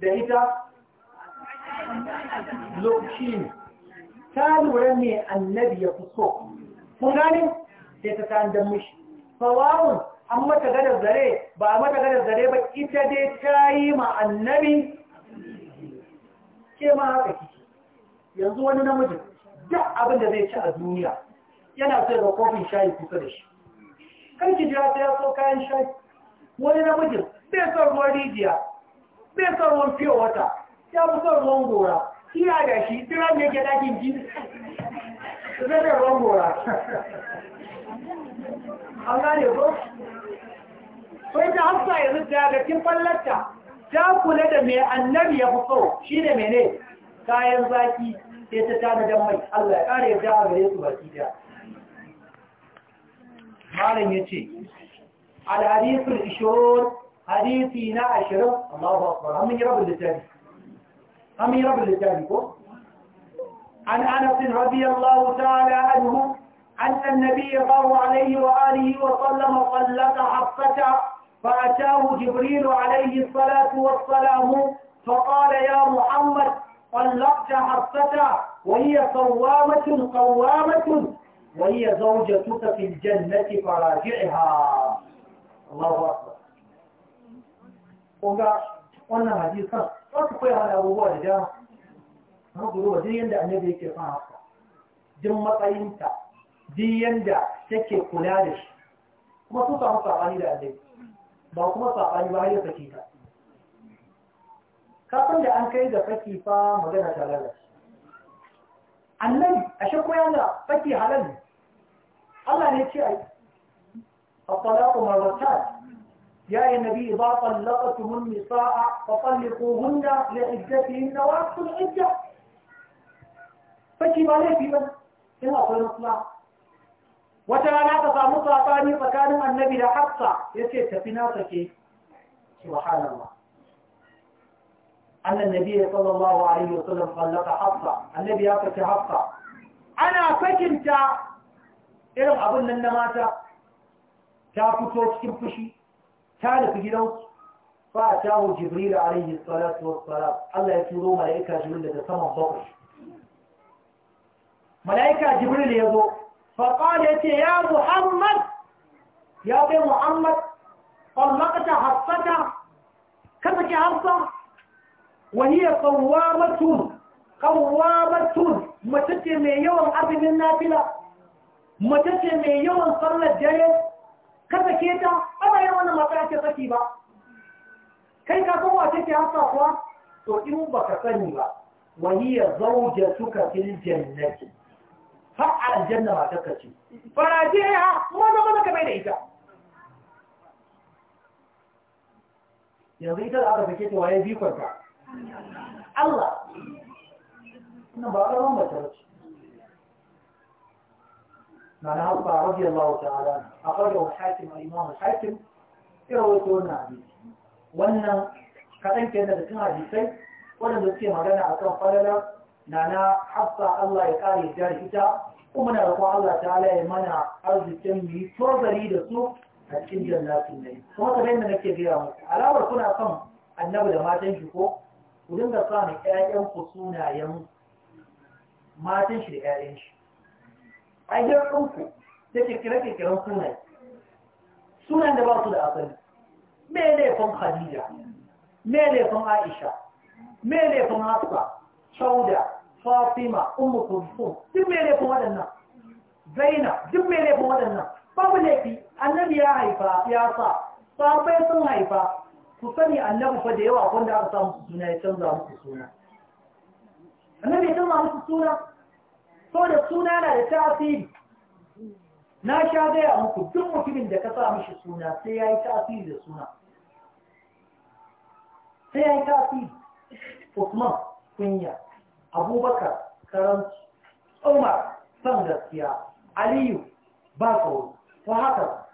A: da ita lokacin. ta lura ne annabi ya fi so kun gane sai ta tandan mishi sawawun an mata gadar zare ba a mata gadar zare ba ita dai ta yi ma annabi ke ma haka kike yanzu wani namiji duk abin da zai ci a duniya yana sai ga kofin shayi kusa da shi kan ki jira ta so kayan shayi wani namijin bai son ruwan rijiya bai son ruwan fiye wata ya fi son ruwan gora Ina da shi, tiran ne yake dakin ji. ruwan gora. An gane ko? Sai ta hafsa yanzu ta ga kin fallarta. Ta kula da mai annabi ya fi so, shi ne Kayan zaki sai ta tana dan mai Allah ya ƙara yadda a gare su baki da. Malam ya ce, Al-hadisul ishur hadisi na ashirin, Allahu Akbar, an mun yi rabin littafi. أمير يرب لذلك عن أنس رضي الله تعالى عنه أن النبي صلى عليه وآله وسلم طلق حفصة فأتاه جبريل عليه الصلاة والسلام فقال يا محمد طلقت حفصة وهي صوامة قوامة وهي زوجتك في الجنة فراجعها الله أكبر wannan hadisan za su koya mana abubuwa da dama na guruwa duk yadda annabi yake son haka duk matsayinta duk yadda take kula da shi kuma sun samu saɓani da annabi ba kuma saɓani ba ya saki ta kafin da an kai ga saki fa magana ta lalace annabi a shakko yana saki halal ne Allah ne ce ai a talaqu marratan يا أيها النبي إذا طلقتم النساء فطلقوهن لعدتهن وأحصوا العدة فكما ليفي من إن أقول وترى لا تسامو صاحباني فكانوا النبي لا حقا يسير تفينا سكي سبحان الله أن النبي صلى الله عليه وسلم طلق حقا النبي يا حقا أنا فكرت إلى أبن النماذج ta fito cikin fushi كان في فأتاه جبريل عليه الصلاة والسلام الله يتوضو ملائكة جبريل لدى سمى الضغر ملائكة جبريل يضو فقال يتي يا محمد يا بي محمد طلقت حصتها كي حصة وهي قوامة قوامة متتمي يوم عبد النافلة متتمي يوم صلى الجيد ka sake ta ana yin wannan mata ake ce saki ba kai ka san wace ce hafsa kuwa to in ba ka sani ba Wani ya wahiyar zauja suka fil jannati har aljanna ba ta kace farajiya maza maza ka bai da ita yanzu ita da aka sake ta waye bikonta Allah ina ba a ran mace معنى عطبة رضي الله تعالى أخرجه الحاكم الإمام الحاكم يرويتون عديد وأن كأن كان ذكر عديدين ولم يذكر مغانا أكرم فللا نانا حفظة الله يقاري جاري إتا ومنا رقوع الله تعالى يمنع أرض التنمي فرضري لسوء أتكين جنات النبي ثم تبين لك غير مكة على وركنا قم النبي ما تنشكو ودنك صانع آيان قصونا يم ما تنشر آيان شي a gidan ɗauku da kirkire-kirkiren sunan sunan da ba su da asali me laifin khadija me laifin aisha me laifin hafsa shauda fatima ummu kulsum duk me laifin waɗannan zaina duk me laifin waɗannan babu laifi annabi ya haifa ya sa sahabbai sun haifa ku sani annabi fa da yawa wanda aka samu suna ya canza musu suna annabi ya canza musu suna so da suna na da tasiri na sha gaya muku duk mutumin da ka sa mishi suna sai ya yi tasiri da suna sai ya yi tasiri usman kunya abubakar karanci umar san gaskiya aliyu ba tsoro ko haka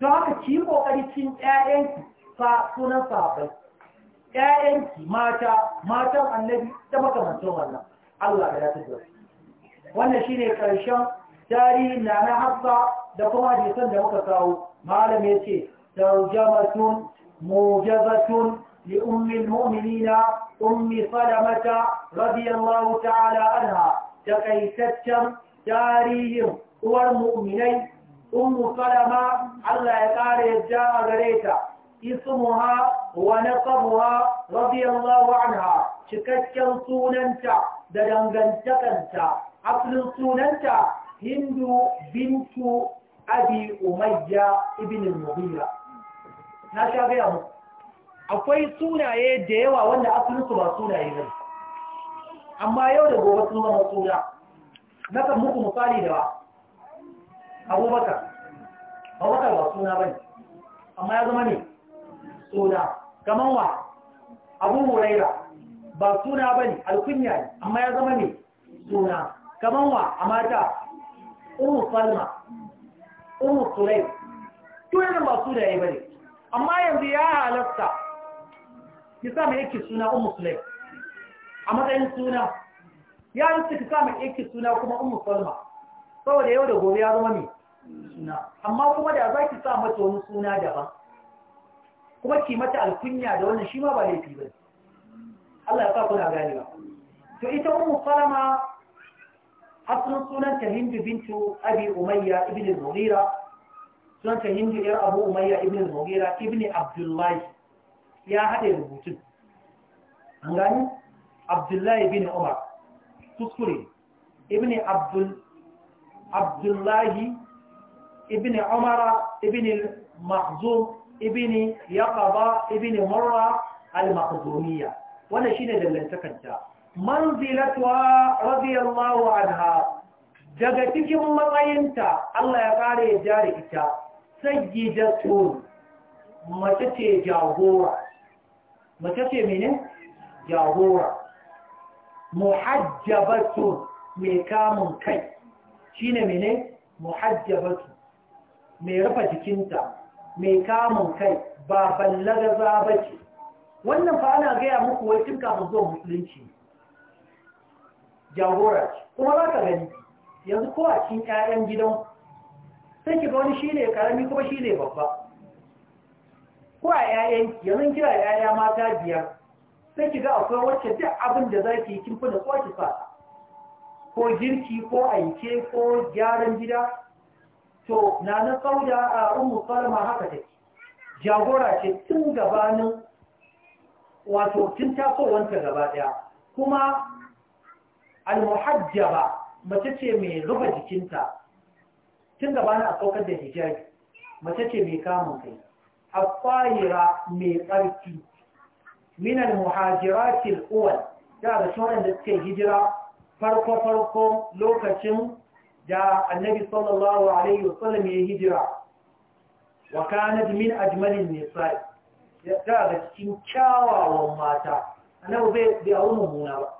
A: don haka ki yi kokari cin ƴaƴanki sa sunan sabai ƴaƴanki mata matan annabi da makamantan wannan Allah ya tabbata wannan shine ƙarshen tarihin na na habba da kuma hadisan da muka kawo malam ya ce tarjamatun mujazatun li ummil mu'minina ummi salamata radiyallahu ta'ala anha takaitaccen tarihin uwar mu'minai ummu salama Allah ya ƙara yadda a gare ta اسمها ونقبها رضي الله عنها شككا سوننتا دلنغنتكنتا asalin sunanta hindu bintu abi umayya ibn mughira na sha gaya muku akwai sunaye da yawa wanda asalin su ba sunaye ne amma yau da gobe sun zama suna na kan muku misali da abubakar abubakar ba suna bane amma ya zama ne suna kaman wa abu huraira ba suna bane alkunya ne amma ya zama ne suna kaman wa a mata umu Falma, umu sulai to yana ba su da yayi bane amma yanzu ya halatta ki sa mai yake suna umu sulai a matsayin suna ya halatta ki sa mai yake suna kuma umu Falma. saboda yau da gobe ya zama mai suna amma kuma da za ki sa mata wani suna daban kuma ki mata alkunya da wannan shi ma ba laifi ba Allah ya sa kuna gane ba to ita Umu Falma. asalin sunanta hindu bintu abi umayya ibn al sunanta hindu yar abu umayya ibn al ibn abdullahi ya haɗe rubutun an gani abdullahi bin umar kuskure ibn abdullahi ibn umar ibn al-mahzum ibn yaqaba ibn murra al-mahzumiyya wannan shine da dangantakarta manzilatuwa radiyallahu anha daga cikin matsayinta Allah ya ƙara ya jari ita sayyidatun mace ce jagora mace ce mene jagora muhajjabatu mai kamun kai shine mene muhajjabatu mai rufe jikinta mai kamun kai ba ballaga za ba ce wannan fa ana gaya muku wai tun kafin zuwa musulunci jagora ce kuma za ka gani yanzu ko a cikin 'ya'yan gidan sai ki ga wani shi ne karami kuma shi ne babba ko a 'ya'yan yanzu kira 'ya'ya mata biyar sai ki ga akwai wacce duk abin da za ki yi kin fi da ki sa ko girki ko aike ko gyaran gida to na na sauda a ummu salma haka take jagora ce tun gabanin wato tun tasowanta gaba daya kuma al-muhajjaba mace ce mai rufe jikinta tun da bana a saukar da hijabi mace ce mai kamun kai al-fahira mai tsarki min al-muhajiratil uwal da da shoran da suke hijira farko farko lokacin da annabi sallallahu alaihi wasallam ya hijira wa kanat min ajmalin nisa'i da da cikin kyawawan mata annabi bai bai auna muna ba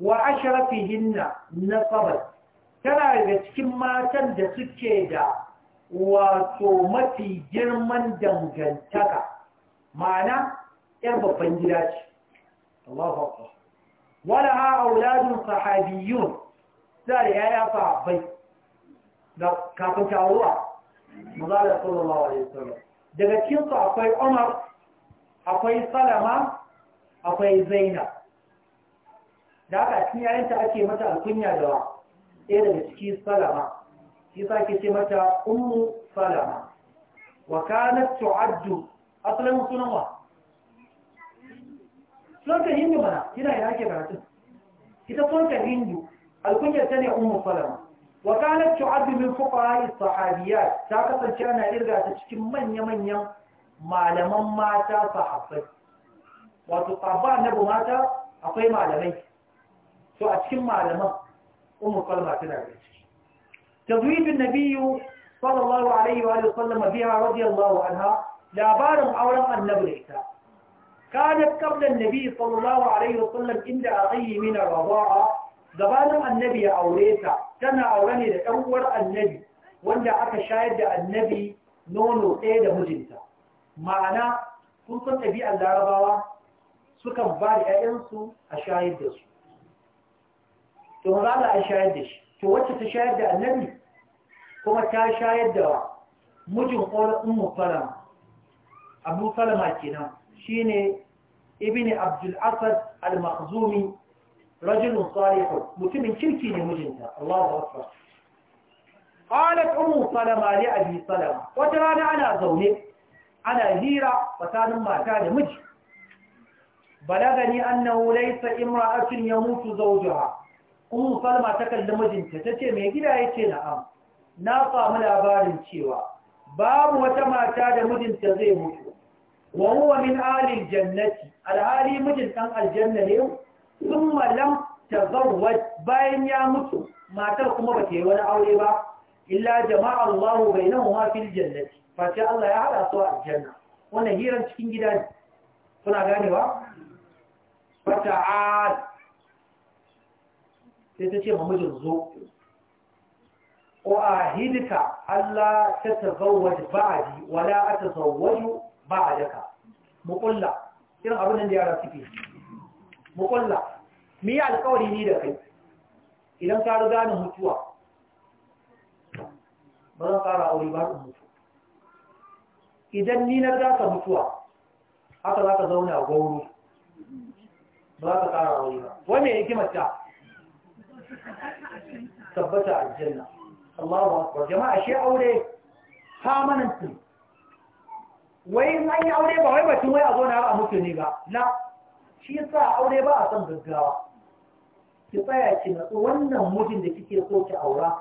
A: wa ashrafihinna nasabat tana daga cikin matan da suke da wato mafi girman dangantaka ma'ana yar babban gida ce Allahu akbar wala ha auladun sahabiyun da yaya fa bai da kafin taruwa mazala sallallahu alaihi wasallam daga cikin su akwai Umar akwai Salama akwai Zainab da aka cikin ta ake mata alkunya da wa ɗaya daga ciki salama shi sa ke ce mata ummu salama wa kanat tu'addu asalin sunan wa sulkan hindu mana kina yana ake karatun ita sulkan hindu alkunyar ta ne ummu salama wa mai tu'addu min fuqaha'i sahabiyat ta kasance ana irga ta cikin manya-manyan malaman mata sahabbai wato sabba annabi mata akwai malamai to a cikin malaman umar kalma tana da ciki tazwijin nabiyu sallallahu alaihi labarin auren annabi da ita kana kabla nabi sallallahu alaihi wa sallam inda aqi min arda'a gabanin annabi ya aure ta tana aure ne da dan uwar annabi wanda aka shayar da annabi nono ɗaya da mijinta ma'ana kusan san ɗabi'ar larabawa sukan ba da ƴaƴansu a shayar da su to za a shayar da shi to wacce ta shayar da annabi kuma ta shayar da mijin ƙorar ummu salama abu salama kenan shine ibn abdul asad al-makhzumi rajulun salihun mutumin kirki ne mijinta Allahu akbar qalat ummu salama li abi salama wata rana ana zaune ana hira tsakanin mata da miji balagani annahu laysa ya yamutu zawjaha umu salma ta kalli mijinta ta ce mai gida ya ce na'am na samu labarin cewa babu wata mata da mijinta zai mutu wa huwa min alil jannati alhali mijin ɗan aljanna ne kuma lam tazawwaj bayan ya mutu matar kuma ba ta yi wani aure ba illa jama'a Allah bainahuma fil jannati fa Allah ya hada su a aljanna wannan hirar cikin gida ne kuna ganewa fata'al sai ta ce mamajin zo Wa ahidika hidika Allah ta tazawwaj ba'adi wala a tazawwaju ba'adaka muƙulla irin abin da yara suke muƙulla mu ya alƙawari ni da kai idan ka riga ni mutuwa ba zan ƙara aure ba in mutu idan ni na riga ka mutuwa haka za ka zauna gauru ba za ka fara aure ba wani ya yi kimanta tabbata aljanna Allahu akbar jama'a shi aure permanently wai an yi aure ba wai batun wai a zo na a mutu ne ba na shi yasa aure ba a son gaggawa ki tsaya ki natsu wannan mutum da kike so ki aura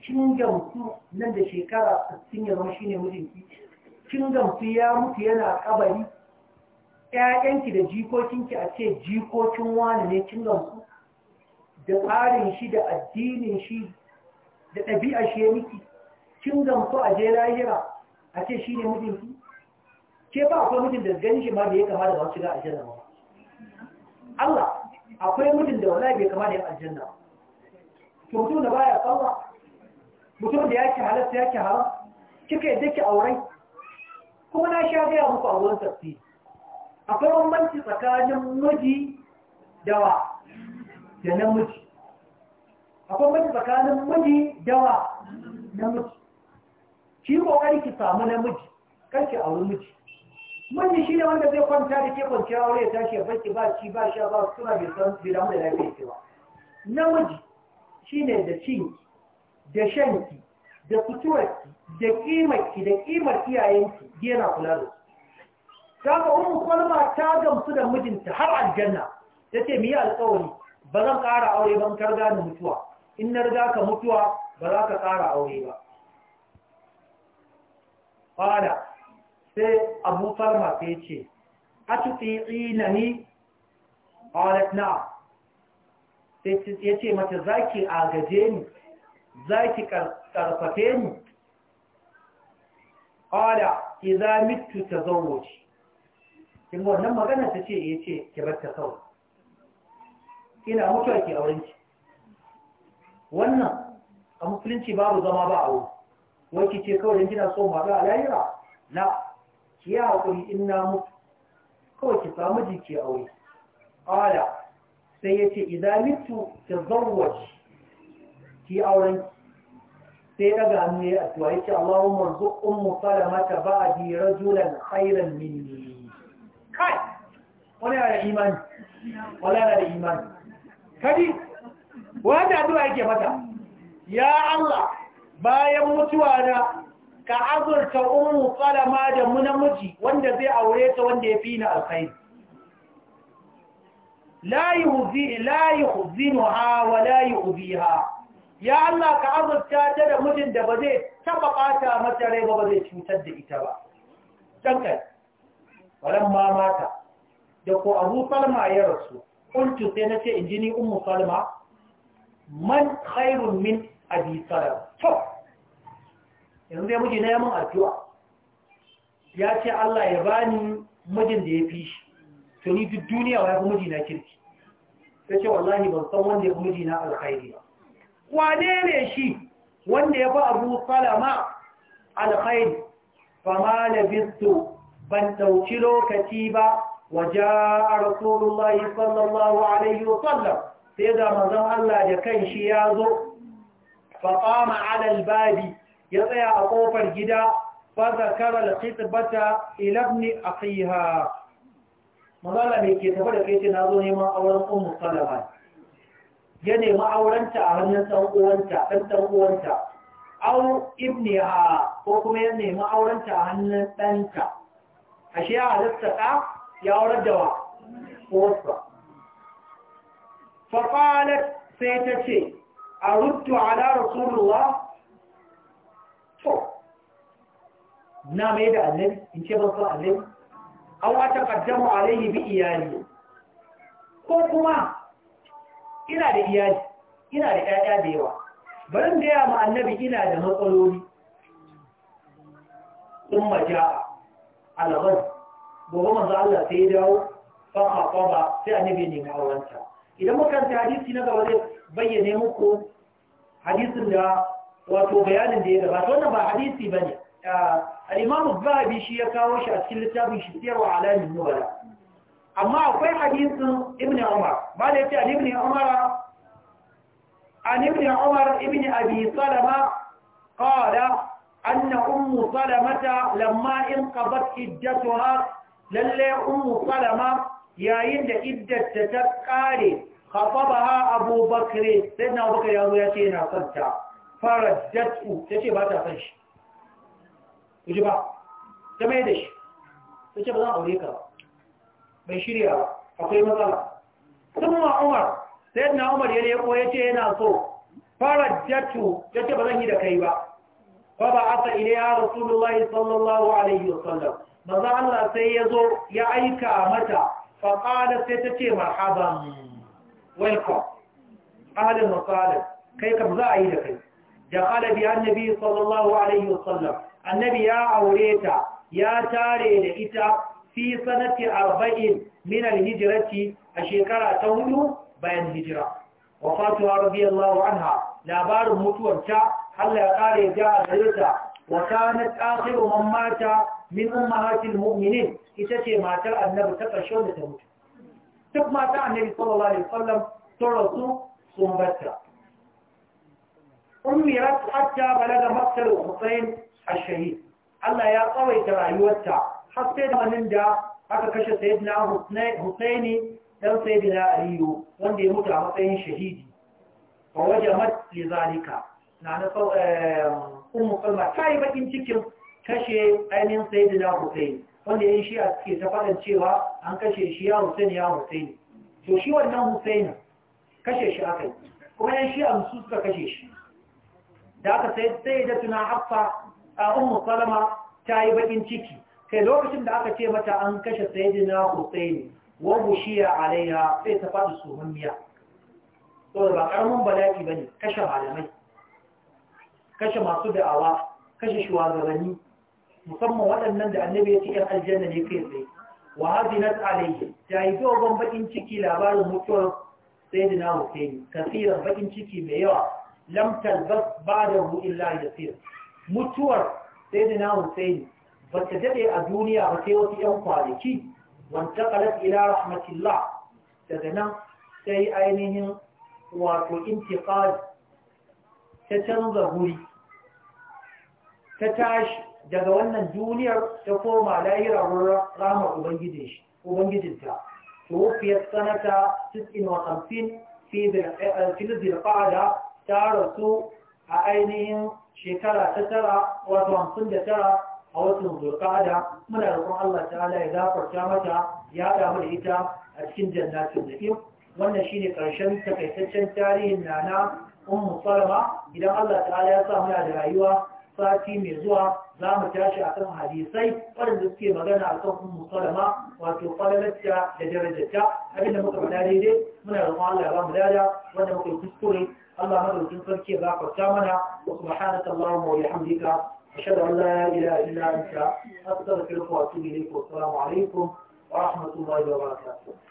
A: kin gamsu nan da shekara 60 ya zama shine mijinki kin gamsu ya mutu yana kabari ƴaƴanki da jikokinki a ce jikokin wani ne kin gamsu da tsarin shi da addinin shi da ɗabi'a shi ya miki kin gamsu a je lahira a ce shi ne mijinki ke ba akwai mijin da gani shi ma da ya kama da wasu shiga aljanna ba Allah akwai mijin da wallahi bai kama da ya aljanna ba to mutum da baya tsawa mutum da yake halatta yake haram kika yadda ki aurai kuma na sha gaya muku a wurin tafsiri akwai manci tsakanin miji da wa da namiji akwai mace tsakanin miji dawa namiji ki kokari ki samu namiji kanki auri miji miji shi ne wanda zai kwanta da ke a aure ya tashi ya barki ba ci ba sha ba suna bai san bai damu da lafiya ce namiji shi ne da cin, da shanki da suturarki da kimarki da kimar iyayenki yana kula da su ta ga kwalma ta gamsu da mijinta har aljanna ta ce mu yi alkawari ba zan ƙara aure ban kar gane mutuwa in na riga ka mutuwa ba za ka ƙara aure ba Fada sai abu farma ta yi ce a na ni ƙwadat na ya ce mata za ki agaje ni za ki ƙarfafe ni ƙwada iza mitu ta zauwaci kin wannan magana ta ce ya ce ki bar ta sauwa ina mutuwa ke auren ki wannan a musulunci babu zama ba aure wacce ce kawai kina so maɗa a layira na ki yi haƙuri in na mutu kawai ki samu jiki a wuri. ƙala sai ya ce idan mitu ta zarwaci ki auren sai daga hannu ya atuwa ya ce Allahun marzu ummu mata ba a bi rajulan hairan mini. kai wani yana da imani wani yana da imani kadi wanda addu'a yake mata ya Allah bayan mutuwa na ka azurta ummu qalama da mu namiji wanda zai aure ta wanda ya fi ni alkhairi la yuzi la yuzinha wa la yuziha ya Allah ka azurta ta da mijin da ba zai taba bata mata rai ba ba zai cutar da ita ba dan kai walamma mata da ko Abu Salma ya rasu qultu sai na ce injini ummu salma man khairun min abi salama to yanzu dai miji na yamin addu'a ya ce Allah ya bani mijin da ya fi shi to ni duk duniya wa ya fi mijina kirki ta ce wallahi ban san wanda ya fi mijina alkhairi ba wane ne shi wanda ya fi abu salama alkhairi ba ma labistu ban ɗauki lokaci ba وجاء رسول الله صلى الله عليه وسلم سيدا مزم الله جكن شيازو فقام على الباب يطيع أقوف الجدا فذكر الخطبة إلى ابن أخيها مظلة ميكي تفرق يتنازوني ما أولا أم صلبا يني ما أولنت أهلنا سنقوانت فانتقوانت أو ابنها وكما يني ما أولنت أهلنا تنت أشياء هذا السقاف ya aurar da wa kowarsa faƙalar sai ta ce a rutu ala rasulullah to na mai da annabi in ce ban san annabi an wata kaddamu alaihi bi iyali ko kuma ina da iyali ina da ƴaƴa da yawa barin gaya ma annabi ina da matsaloli in maja alabar gobe manzo Allah sai ya dawo fa aqaba sai annabi ne ga aurenta idan muka ta hadisi na gaba zai bayyane muku hadisin da wato bayanin da ya gabata wannan ba hadisi bane al-Imam Az-Zahabi shi ya kawo shi a cikin littafin shi Sirru Alamin Nubala amma akwai hadisin Ibn Umar ba da yace Ibn Umar an Ibn Umar Ibn Abi Salama qala anna Umm Salamata lamma inqadat iddatuha lalle ummu salama yayin da iddarta ta kare khafabaha Abubakar, bakr sai na bakar yazo ya ce yana son ta faraddatu tace ba ta son shi kuje ba ta mai da shi ce ba zan aure ka bai shirya ba. akwai matsala kuma umar sai na umar ya leko ya ce yana so farajjatu ya ce ba zan yi da kai ba fa ba asa ilaiha rasulullahi sallallahu alaihi wasallam Maza Allah sai ya zo ya aika mata faƙada sai ta ce marhaban welcome ahalin masalar kai kam za a yi da kai da ƙalabi annabi sallallahu alaihi wasallam annabi ya aure ta ya tare da ita fi sanati arba'in min alhijirati a shekara ta hudu bayan hijira wafatuha radiyallahu anha labarin mutuwarta Allah ya kare ga a وكانت آخر أمات من أمهات المؤمنين إتتي ماتا النبي تقشون تموت تب ماتا النبي صلى الله عليه وسلم ترسو صنبتا أمرت حتى بلد مقتل حسين الشهيد الله يا قوي ترى يوتا حتى من عند حتى كش سيدنا حسيني لو سيدنا أليو وان دي حسين شهيدي فوجمت لذلك نعنى Umu salma ta yi bakin cikin kashe ainihin sayyidina Hussein wanda yayin shi a suke ta cewa an kashe shi ya Hussein ya Hussein to shi wannan Hussein kashe shi aka yi kuma yan shi amsu suka kashe shi da aka sai sai da haffa a ummu salama ta yi bakin ciki kai lokacin da aka ce mata an kashe sayyidina Hussein wa bushiya alaiha sai ta faɗi suhumiya to ba karamin bala'i bane kashe malamai kashe masu da'awa kashe shugabanni musamman waɗannan da annabi ya ci ‘yan aljanna ne kai tsaye wa hazinat alayhi ta yi dogon bakin ciki labarin mutuwar sayyidina husaini kasiran bakin ciki mai yawa lam talbas ba'dahu illa yasir mutuwar sayyidina husaini ba ta dade a duniya ba sai wasu ‘yan kwanaki wanda qalat ila rahmatillah daga nan sai ainihin wato intiqal ta canza guri ta tashi daga wannan duniyar ta koma lahirar ramar ubangijinta ta wufiyar sanata 650 fil zirfada ta rasu a ainihin shekara ta tara wato tara a watan zurfada muna rikon allah ta'ala ya zafarta mata ya damu da ita a cikin jannatin da wannan shine karshen takaitaccen tarihin nana umu salama idan allah ta'ala ya sa muna da rayuwa sati mai zuwa za mu tashi akan hadisai waɗanda suke magana a ummu salama wato falalarta da darajarta abinda muka faɗa daidai muna da Allah ya ba mu dada wanda muka yi kuskure Allah madaukin sarki ya gafarta mana wa subhanaka allahumma wa bihamdika ashhadu an la ilaha illa anta astaghfiruka wa atubu ilayk wa assalamu alaikum wa rahmatullahi wa barakatuh